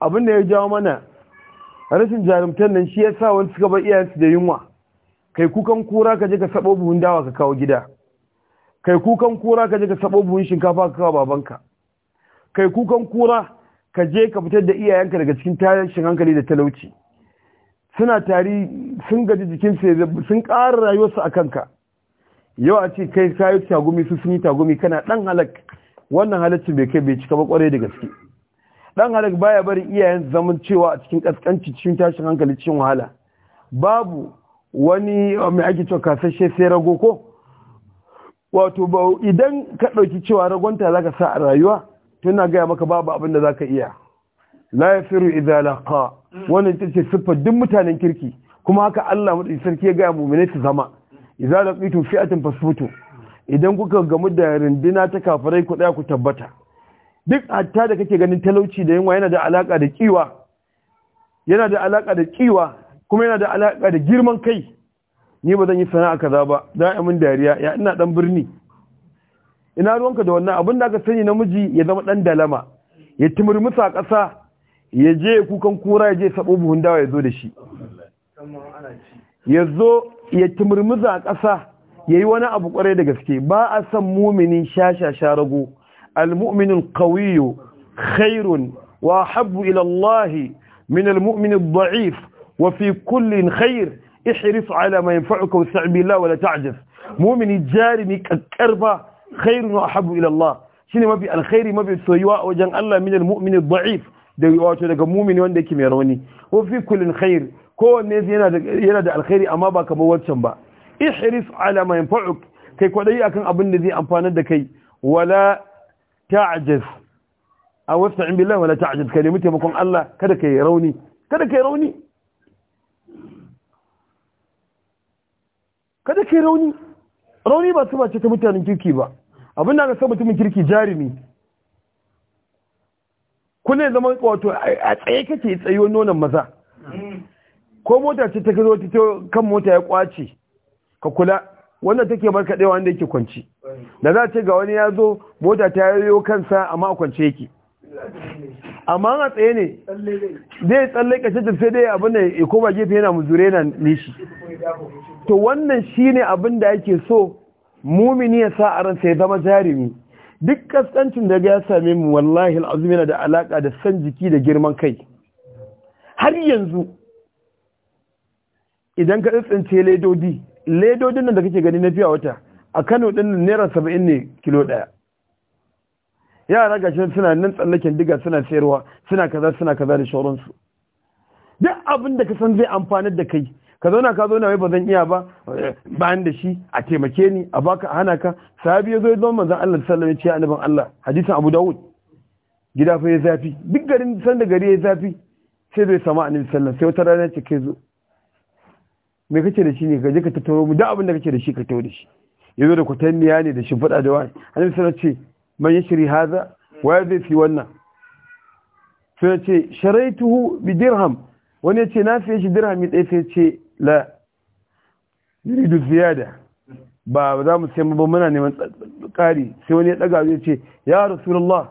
abin da ya jawo mana rashin jarumtar nan shi ya sa wani suka bar iyayensu da yunwa kai kukan kura ka je ka sabo buhun dawa ka kawo gida kai kukan kura ka je ka sabo buhun shinkafa ka kawo babanka kai kukan kura ka je ka fitar da iyayenka daga cikin tashin hankali da talauci suna tari sun gaji jikin su sun ƙara rayuwarsu a kanka yau a ce kai kayo tagumi su sun yi tagumi kana ɗan halak wannan halaccin bai kai bai cika ba kwarai da gaske Ɗan halak baya barin iyayen zaman cewa a cikin kaskanci cikin tashin hankali cikin wahala babu wani uh, mai ake cewa kasashe sai rago ko wato ba idan ka ɗauki cewa ragonta za ka sa a rayuwa to gaya maka babu abin da za ka iya la ya firu idza wannan ita ce siffar duk mutanen kirki kuma haka Allah madaukakin sarki ya gaya mu'minai su zama idza laqitu fi'atin fasbutu idan kuka gamu da rindina ta kafirai ku ku tabbata duk hatta da kake ganin talauci da yunwa yana da alaka da kiwa yana da alaka da kiwa kuma yana da alaka da girman kai ni ba zan yi sana'a kaza ba za a min dariya ya ina dan birni ina ruwanka da wannan abin da aka sani namiji ya zama dan dalama ya timurmusa a ƙasa ya je kukan kura ya je sabo buhun dawa ya zo da shi ya zo ya timurmusa a ƙasa ya yi wani abu kwarai da gaske ba a san muminin shasha rago al-mu'minul qawiyyu khairun wa habbu ila min al-mu'min ad-da'if wa fi kullin khair ihris ala ma yanfa'uka wasta'in billah wala ta'jaz mu'mini jarimi kakkarfa khairun wa ahabbu ila Allah shine mafi alkhairi mafi soyuwa a wajen Allah min almu'min adh-dha'if da wato daga mu'mini wanda yake mai rauni wa fi kullin khair kowanne yana da yana da alkhairi amma ba kamar wancan ba ihris ala ma yanfa'uk kai kwadayi akan abin da zai amfanar da kai wala ta'jaz a wasta'in billah wala ta'jaz ka nemi taimakon Allah kada kada kai rauni kada kai rauni rauni ba su ba ce ta mutanen kirki ba abin da aka sa mutumin kirki jarumi kullum zama wato a tsaye kake tsayo nonon maza ko mota ce ta kazo ta kan mota ya kwace ka kula wannan take markaɗewa wanda yake kwanci da za ce ga wani ya zo mota ta yayo kansa amma a kwance yake amma a tsaye ne zai tsalle kashe sai dai abin da ya koma gefe yana muzure na nishi to wannan shine abin da yake so mumini ya sa a ransa ya zama jarumi duk kaskancin da ya same mu wallahi al'azumi yana da alaka da san jiki da girman kai har yanzu idan ka tsince ledodi ledodin nan da kake gani na fiya wata a Kano din naira saba'in ne kilo daya yara gashi suna nan tsallaken diga suna sayarwa suna kaza suna kaza da shauransu duk abin da ka san zai amfanar da kai ka zauna ka zauna wai ba zan iya ba bayan da shi a taimake ni a baka hana ka sahabi ya zo don manzon Allah sallallahu alaihi wasallam ya Allah hadisin Abu Dawud gida fa ya zafi duk garin san da gari ya zafi sai zai sama annabi sallallahu sai wata rana ce kai zo me kake da shi ne ka je ka tattaro mu duk abin da kake da shi ka tawo da shi yazo da kwatanniya ne da fada da wani annabi sallallahu ce man yashri hadha wa zai fi wannan sai ce sharaituhu bi dirham wani yace na fiye shi dirhami ɗaya sai ce la yuridu ziyada ba za mu sai ba muna neman ƙari sai wani ya daga zai ce ya rasulullah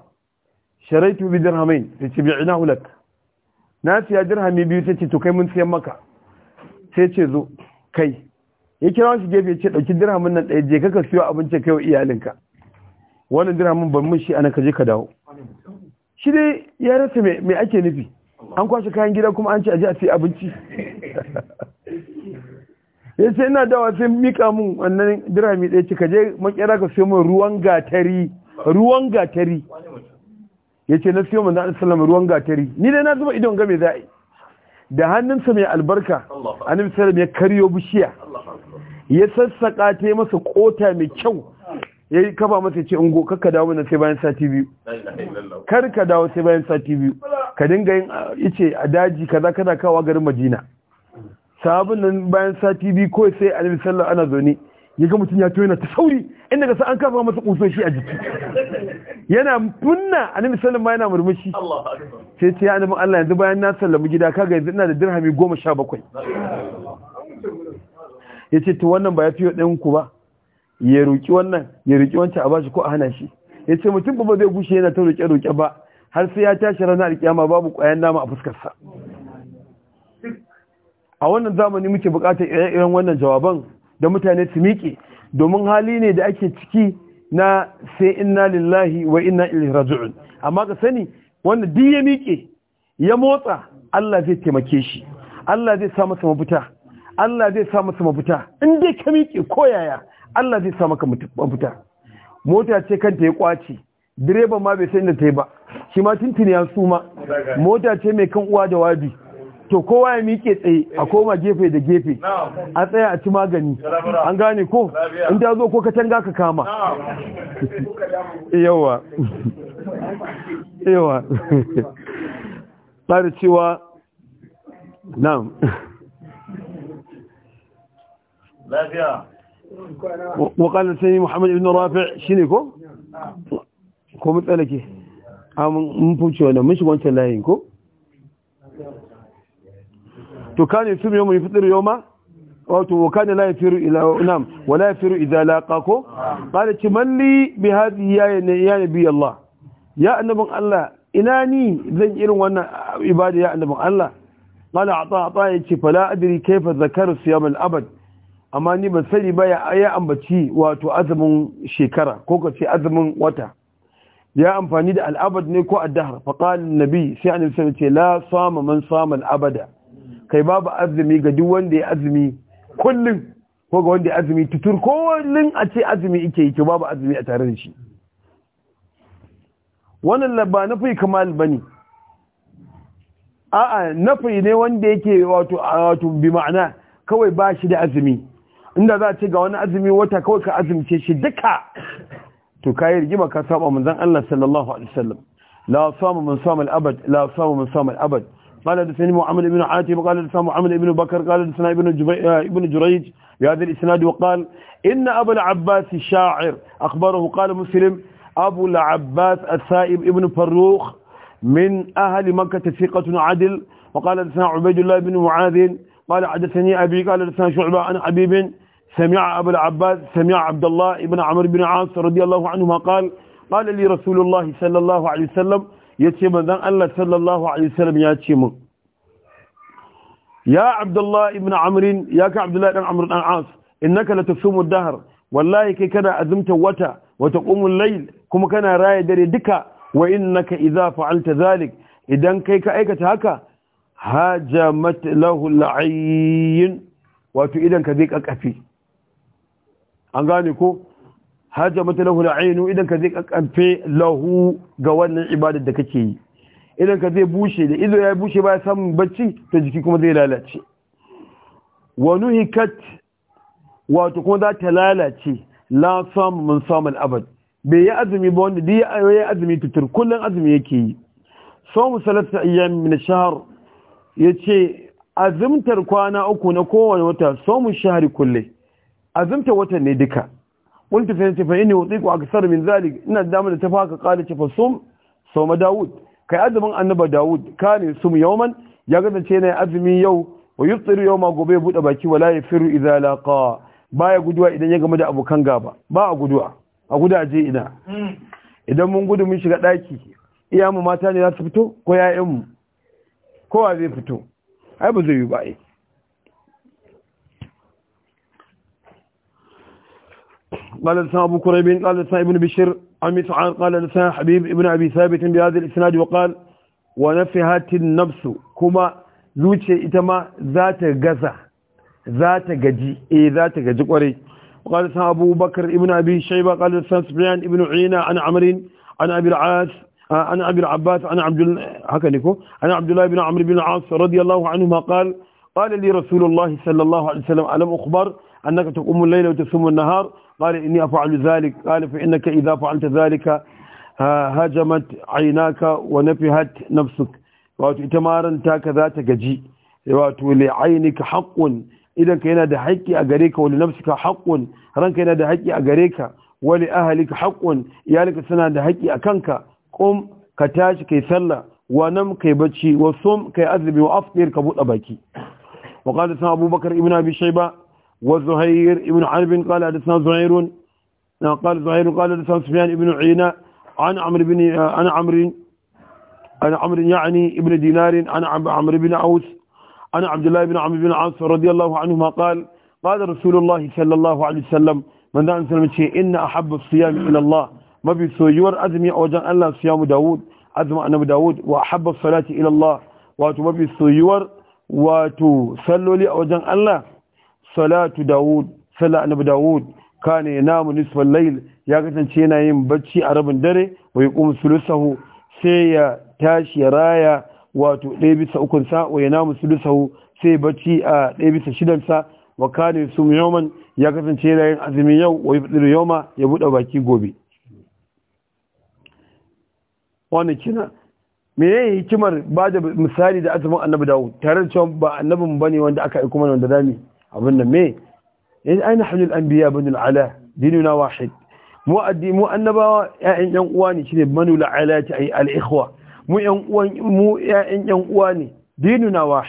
sharaituhu bi dirhamain sai ce bi'inahu lak na siya dirhami biyu sai ce to kai mun siyan maka sai ce zo kai ya kira shi gefe ce ɗauki dirhamin nan ɗaya je ka siyo abinci kai wa iyalinka wannan mun ban mun shi ana ka ka dawo shi dai ya rasa me ake nufi an kwashe kayan gida kuma an ci aje a sai abinci ya ce ina dawa sai mika mun wannan dirhami ɗaya ce je makera ka siyo min ruwan gatari ruwan gatari ya ce na siyo manzan alisalam ruwan gatari ni dai na zuba idon game za a da hannunsa mai albarka annabi sallam ya karyo bishiya ya sassaƙa ta masa kota mai kyau ya yi kafa masa ce ungo kakka dawo na sai bayan sati biyu kar ka dawo sai bayan sati biyu ka dinga yin ice uh, a daji kaza kana kawo garin madina Sabon nan bayan sati biyu kawai sai a annabi sallar ana zaune ya ga mutum ya tona ta sauri inda ka an kafa masa kusoshi a jiki yana a tunna sallar ma yana murmushi sai ce ya annabi Allah yanzu bayan na sallama gida kaga yanzu ina da dirhami goma sha bakwai. Ya ce ta wannan ba ya fiye ɗayan ku ba ya roƙi wannan ya roƙi wancan a bashi ko a hana shi Ya ce mutum ba zai gushe yana ta roƙe-roƙe ba har sai ya tashi rana alkiyama babu ƙwayan nama a fuskarsa. a wannan zamani muke buƙatar ire-iren wannan jawaban da mutane su miƙe domin hali ne da ake ciki na sai inna lillahi wa na ilaihi raji'un amma ka sani wannan duk ya miƙe ya motsa Allah zai taimake shi Allah zai sa masa mafita Allah zai sa masa mafita in dai ka miƙe ko yaya Allah zai sa maka mafita mota ce kanta ya kwace direban ma bai san da ta yi ba shi ma tuntuni ya suma mota ce mai kan uwa da wabi to kowa ya miƙe tsaye a koma gefe da gefe a tsaya a ci magani an gane ko in ta zo ko ka tanga ka kama yawa yawa tsari cewa na'am lafiya وقال سيدي محمد بن رافع شنكو ko matsalake mun fuce wannan mun shiga wancan layin ko to kane su yau mai fitar yau wato wa kane la yafiru ila nam wa la yafiru idza laqa ko qala timalli bi hadi ya ya nabi Allah ya annabin Allah ina ni zan irin wannan ibada ya annabin Allah qala ata ata yace fala adri kayfa zakaru siyam abad amma ni ban sani ba ya ambaci wato azumin shekara ko ka ce azumin wata ya amfani da al'abad ne ko addahar faqal nabi sai annabi sai ce la sama man sama al'abada kai babu azumi ga duk wanda ya azumi kullun ko ga wanda ya azumi tutur kullun a ce azumi yake yake babu azumi a tare da shi wannan ba nafi kamal bane a'a nafi ne wanda yake wato wato bi ma'ana kawai ba shi da azumi inda za a ce ga wani azumi wata kawai ka azumce shi duka to kayi rigima ka saba manzon Allah sallallahu alaihi wasallam la sama man sama al-abad la sama man sama al-abad قال حدثني محمد بن عاتب قال حدثنا محمد بن بكر قال حدثنا ابن ابن جريج بهذا الاسناد وقال ان ابا العباس الشاعر اخبره قال مسلم ابو العباس السائب ابن فروخ من اهل مكه ثقه عدل وقال حدثنا عبيد الله بن معاذ قال حدثني ابي قال حدثنا شعبه عن حبيب سمع أبو العباس سمع عبد الله بن عمرو بن عاص رضي الله عنهما قال قال لي رسول الله صلى الله عليه وسلم يتي من الله صلى الله عليه وسلم يتي من يا عبد الله بن عمرو ياك عبد الله بن عمرو بن عاص إنك لتصوم الدهر والله كي كان أزمت وتا وتقوم الليل كما كان راي دري دكا وإنك إذا فعلت ذلك إذا كيك أيكت هكا هاجمت له العين وتؤذن كذيك أكفي an gane ko hajja mata lahu al'ainu idan ka zai kankanfe lahu ga wannan ibadar da kake yi idan ka zai bushe da ido ya bushe ba ya samun bacci to jiki kuma zai lalace wa nuhikat wato kuma za ta lalace la samu mun samun abad bai yi azumi ba wanda ya yi azumi tutur kullum azumi yake yi samu salata ayyam min shahar yace azumtar kwana uku na kowane wata So samu shahari kullum azumta watan ne duka qultu fa inta fa inni utiqu aksar min zalik ina da dama da ta tafaka qala ta fasum ma Dawud. kai azumin annaba daud kare sum yawman ya ce ne azumi yau wa yuftiru yawma gobe buɗe baki wala ya yafiru idza laqa baya guduwa idan ya gama da abokan gaba ba a guduwa a je ina idan mun gudu mun shiga daki iya mu mata ne za su fito ko yayan mu kowa zai fito ai ba zai yi ba eh قال لسان أبو كريب قال لسان ابن بشر عن مسعان قال لسان حبيب ابن أبي ثابت بهذا الإسناد وقال ونفهت النفس كما زوجي إتما ذات غزة ذات غجي إي ذات غجي قري وقال لسان أبو بكر ابن أبي شيبة قال لسان سبيان ابن عينة عن عمرين عن أبي العاس عن أبي العباس عن عبد هكذا عن عبد الله بن عمرو بن العاص رضي الله عنهما قال قال لي رسول الله صلى الله عليه وسلم ألم أخبر أنك تقوم الليل وتصوم النهار قال إني أفعل ذلك قال فإنك إذا فعلت ذلك هاجمت عيناك ونفهت نفسك وقالت إتمارا تاك ذات جي ولعينك حق إذا كان دحيك أغريك ولنفسك حق ران كان دحيك أغريك ولأهلك حق يالك يعني سنة دحيك أكنك قم كتاج كي سلة ونم كي بتشي وصم كي أذب وأفقر كبوت أباكي وقال سنة أبو بكر ابن أبي شيبة وزهير بن حرب قال حدثنا زهير نعم، قال زهير قال حدثنا سفيان بن عيينة عن عمرو بن عن عمرو عن عمرو يعني ابن دينار عن عمرو بن عوس عن عبد الله بن عمرو بن عاص رضي الله عنهما قال قال رسول الله صلى الله عليه وسلم من دان سلم إن أحب الصيام إلى الله ما بيسويور أزمي أوجان الله صيام داود ازم انا داود وأحب الصلاة إلى الله واتو ما بيسويور واتو صلوا لي أوجان الله salatu dawud sallah annabi dawud kana yanamu nisfal layl ya kasance yana yin bacci a rabin dare wa yaqumu sulusahu sai ya tashi raya wato ɗaya bisa ukun sa wa yanamu sulusahu sai bacci a ɗaya bisa shidan sa wa kana yusum yawman ya kasance yana yin azumi yau wa yufdir yawma ya buɗe baki gobe wannan kina menene hikimar ba da misali da azumin annabi dawud tare da cewa ba annabin bane wanda aka aiko mana wanda zamu abin nan me in aina hannun an biya bin al'ala dinuna wahid mu mu annabawa ƴaƴan ƴan uwa ne shine banu la'ala ikhwa mu ƴan uwan mu ƴaƴan ƴan uwa ne dinuna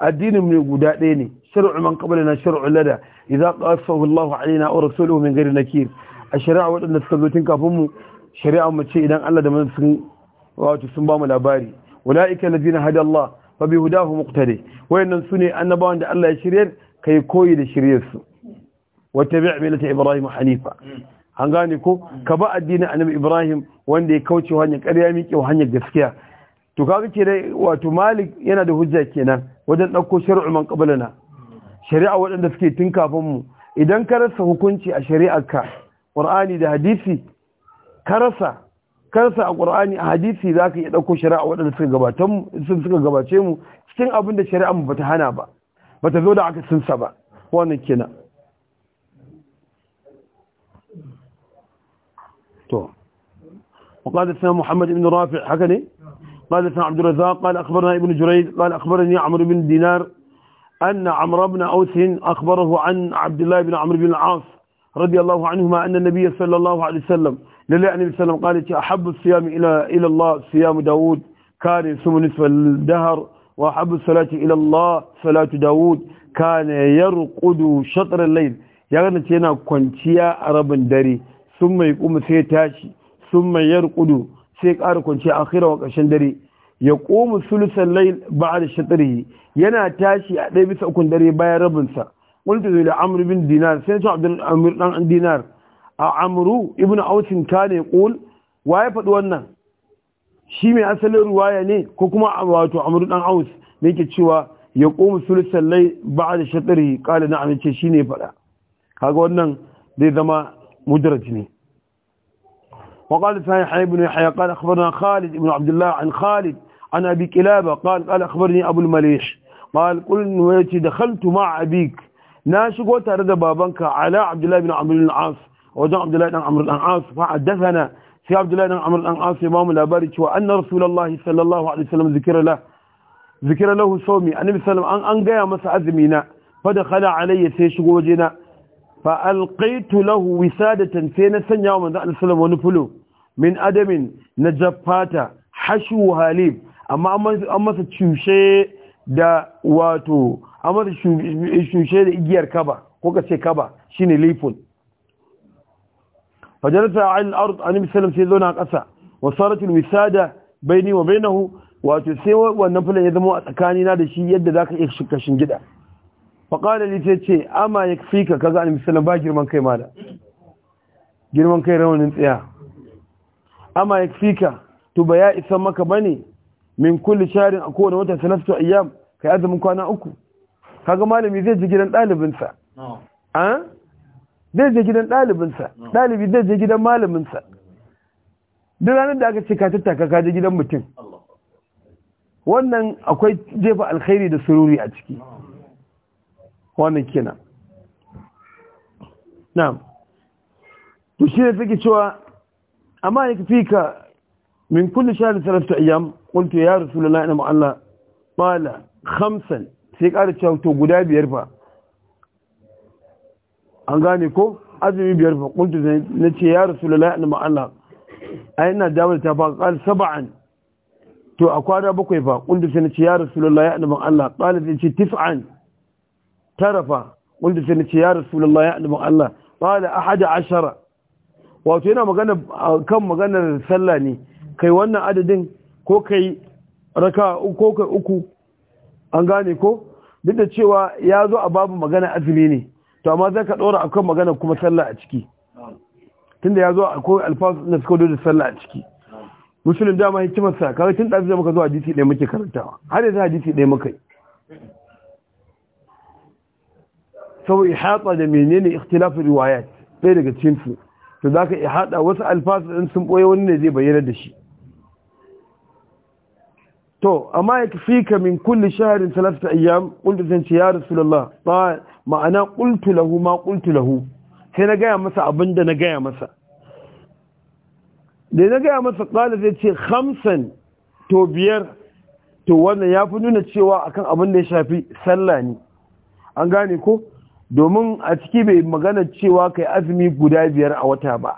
addinin mu guda ɗaya ne shar'u man qablana shar'u lada idza qasahu Allahu alaina wa rasuluhu min ghairi nakir a shari'a waɗanda suka zo tun kafin mu shari'a mu ce idan Allah da manzon sun sun ba labari ulaika alladhina Allah fa bihudahu muqtadi wayannan sune annabawan da Allah ya shiryar kai koyi da shiryarsu wata bi'a milata ibrahim hanifa an gane ko ka ba addini annabi ibrahim wanda ya kauce hanyar ƙarya miƙe hanyar gaskiya to kaga ke dai wato malik yana da hujja kenan wajen ɗauko shari'a man qablana shari'a waɗanda suke tun kafin mu idan ka rasa hukunci a shari'arka qur'ani da hadisi ka rasa karsa a ƙur'ani a hadisi zaka ka iya ɗauko shari'a waɗanda suka gabace mu cikin abin da shari'a mu bata hana ba ba ta zo da akasinsa ba wannan kina to وقال سنا محمد بن رافع حكني قال سنا عبد الرزاق قال أخبرنا ابن جريج قال أخبرني عمرو بن دينار أن عمرو بن أوس أخبره عن عبد الله بن عمرو بن العاص رضي الله عنهما أن النبي صلى الله عليه وسلم لله النبي صلى الله عليه وسلم قال أحب الصيام إلى إلى الله صيام داود كان يصوم نصف الدهر وأحب الصلاة إلى الله صلاة داود كان يرقد شطر الليل يعني تينا كونتيا أرب دري ثم يقوم سيتاشي ثم يرقد سيك أرب كونتيا آخر وقشن دري يقوم ثلث الليل بعد شطره ينا تاشي أدي بس أكون دري باي ربنسا قلت إلى عمرو بن دينار سينا عبد الأمير دينار عمرو ابن أوس كان يقول وايفد وانا shi mai asalin ruwaya ne ko kuma wato amuru dan aus ne yake cewa ya qumu sulusan lai da shatri qala na amince shi ne faɗa kaga wannan zai zama mudraj ne وقال صحيح ابن يحيى قال أخبرنا خالد بن عبد الله عن خالد عن أبي كلابة قال قال أخبرني da المليح قال قل دخلت مع أبيك ناشق وترد بابنك على عبد الله بن عمرو العاص وجاء عبد الله بن عمرو العاص فحدثنا sai abdullahi dan amr dan asu ya mamu labari cewa anna rasulullahi sallallahu alaihi wasallam zikira la zikira lahu sawmi annabi sallallahu an an gaya masa azumi na fa dakhala alayya sai shigo waje na fa alqaitu lahu wisadatan sai na sanya wa manzo sallallahu wani fulo min adamin na jaffata hashu halib amma an masa cushe da wato an masa cushe da igiyar kaba ko ka ce kaba shine lifun fajarta a ainihin arut a nabi sallam sai zauna a ƙasa wa saratul misada ni wa bainahu wato sai wannan fulan ya zama a tsakanina da shi yadda za ka iya kashin gida faƙada ne ta ce ama ya fi ka kaga annabi sallam ba girman kai ma da girman kai rawanin tsaya ama ya fi ka to ba ya isa maka bane min kulli sharin a kowane wata salatu ayyam kai azumin kwana uku kaga malami zai ji gidan ɗalibinsa zai je gidan ɗalibinsa ɗalibi zai je gidan malaminsa duk ranar da aka ce ka tattaka ka je gidan mutum wannan akwai jefa alkhairi da sururi a ciki wannan kenan na'am to shi ne suke cewa amma ya fi ka min sha da sarrafa ayyam kuntu ya rasu rasulullahi inna Allah qala khamsan sai ƙara cewa to guda biyar ba. an gane ko azumi biyar fa kuntu na ce ya rasu lalai annabi Allah a yana damar ta fa qal saba'an to a kwana bakwai fa kuntu na ce ya rasu lalai annabi Allah qala sai ce tis'an tara fa kuntu na ce ya rasu rasulullahi annabi Allah a hada ashara wato yana magana kan maganar sallah ne kai wannan adadin ko kai raka ko kai uku an gane ko duk da cewa ya zo a babu magana azumi ne to amma zaka dora akwai magana kuma sallah a ciki tunda ya zo akwai alfaz na suka da sallah a ciki musulun dama hikimar sa kawai tun da maka zo hadisi ɗaya muke karantawa har yanzu hadisi ɗaya muka yi sau ihata da menene ikhtilafin riwayat ɗaya daga cikin su to zaka ihata wasu alfaz din sun boye wani ne zai bayyana da shi to amma ka min kulli shahrin talata ayyam kullu zan ya rasulullah ta ma'ana qultu lahu ma qultu lahu sai na gaya masa abinda na gaya masa da na gaya masa qala zai ce khamsan to biyar to wannan ya fi nuna cewa akan abin da ya shafi sallah ne an gane ko domin a ciki bai magana cewa kai azumi guda biyar a wata ba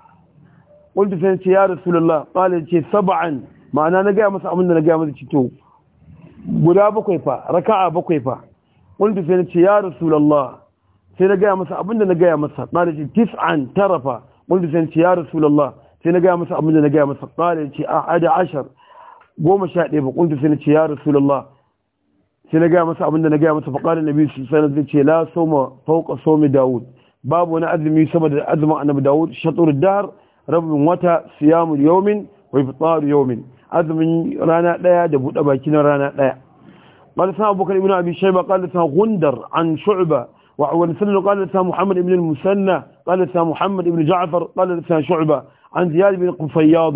ƙultu sai ce ya rasulullah ƙala ce saba'an ma'ana na gaya masa abin da na gaya masa ce to guda bakwai fa raka'a bakwai fa qultu sai nace ya rasulullah sai na gaya masa abinda na gaya masa qala ce tis'an tarafa qultu sai nace ya rasulullah sai na gaya masa abinda na gaya masa qala ce ahada ashar goma sha ɗaya ba qultu sai nace ya rasulullah sai na gaya masa abinda na gaya masa faqala nabi sallallahu alaihi wasallam ce la soma fawqa somi daud babu wani azumi sama da azumin annabi daud shatur dahr rabin wata siyamu yawmin wa iftaru yawmin azumin rana ɗaya da buɗe baki na rana ɗaya. قال اسمه أبو بكر بن أبي شيبة قال اسمه غندر عن شعبة وعن سنة قال اسمه محمد بن المثنى قال اسمه محمد بن جعفر قال اسمه شعبة عن زياد بن قفياض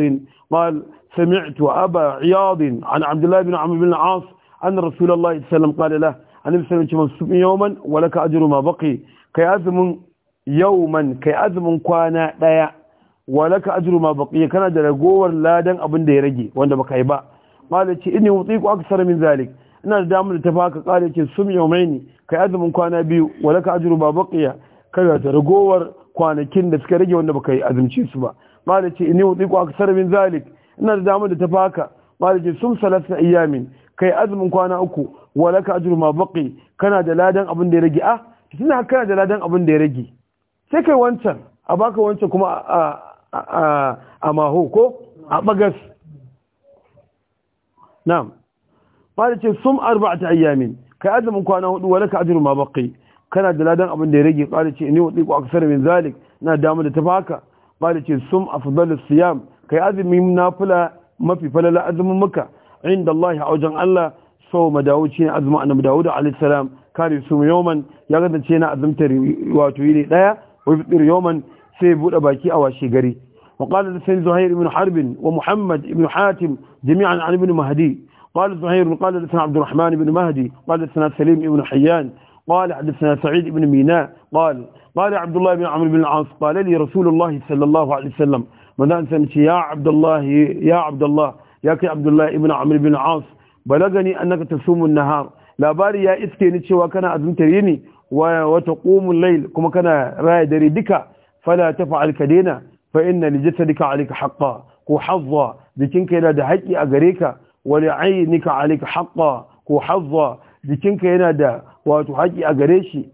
قال سمعت أبا عياض عن عبد الله بن عمرو بن العاص أن رسول الله صلى الله عليه وسلم قال له أن يسلم من يوما ولك أجر ما بقي كي أزم يوما كي أزم كوانا ديا ولك أجر ما بقي كان درجور لا دن أبن ديرجي وأنا بكاي با قال إني أطيق أكثر من ذلك ina da damar da ta baka kare ke sum yaumaini kai azumin kwana biyu wala ka ajru ba baqiya kaga da ragowar kwanakin da suka rage wanda baka yi azumci su ba mala ce inni utiku aksar min zalik ina da damar da ta baka mala ce sum salasa ayyamin kai azumin kwana uku wala ka ajru ma baqi kana da ladan abin da ya rage ah tunda kana da ladan abin da ya rage sai kai wancan a baka wancan kuma a maho ko a bagas na'am malai ce sum arba'ata ayyamin kai azumin kwana hudu wa laka ajru ma baqi kana da ladan abin da ya rage malai ce ni wadi ku aksar min zalik na damu da tafaka. haka malai ce sum afdalus siyam kai azumin nafila mafi falala azumin maka inda Allah a wajen Allah sau madawu ce azumin annabi Dawud alayhi salam kare su yawman ya kasance na azumtar wato ne daya wa fitir yawman sai bude baki a washe gari وقال سيد زهير بن حرب ومحمد بن حاتم جميعا عن ابن مهدي قال زهير قال حدثنا عبد الرحمن بن مهدي قال حدثنا سليم بن حيان قال حدثنا سعيد بن ميناء قال قال عبد الله بن عمرو بن العاص قال لي رسول الله صلى الله عليه وسلم ماذا سنتي يا عبد الله يا عبد الله يا كي عبد الله بن عمرو بن العاص بلغني انك تصوم النهار labari ya iske ni cewa kana azumtare ni wa wata qumul layl kuma kana raya dare duka fala taf'al kadina fa inna li jasadika alayka haqqan ko hazza jikinka yana da haƙƙi a gare ka wani ainihin alika haƙa ko hazza jikinka yana da haƙi a gare shi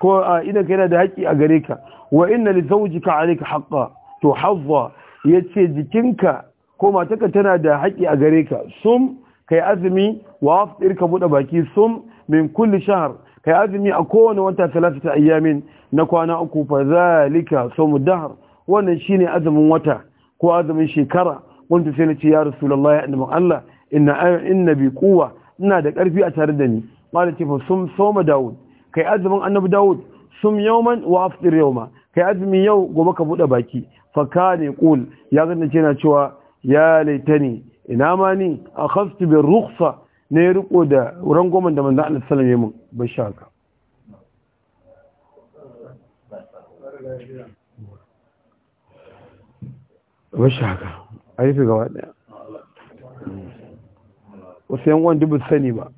ko idanka yana da haƙi a gare ka wa inna li zawjika alika haƙa to hazza yace jikinka ko matarka tana da haƙi a gare ka sum kai azumi wa afdir buɗe baki sum min kulli shahar kai azumi a kowane wata ta ayyamin na kwana uku fa zalika sawmu dahr wannan shine azumin wata ko azumin shekara wanda sai na ce ya rasulullahi annabi Allah inna inna bi kuwa ina da karfi a tare da ni mala ce fa sum soma daud kai azumin annabi daud sum yawman wa aftir yawma kai azumi yau gobe ka bude baki fa ne qul ya zanna ce na cewa ya laitani ina ma ni akhaftu bi rukhsa ne riko da rangwamen da manzo Allah sallallahu alaihi wasallam bai shaka bai shaka a gaba daya wasu yan wanda ba sani ba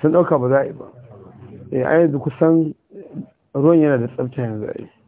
sun ɗauka ba za a yi ba eh, a yanzu kusan ruwan yana da tsabta yanzu a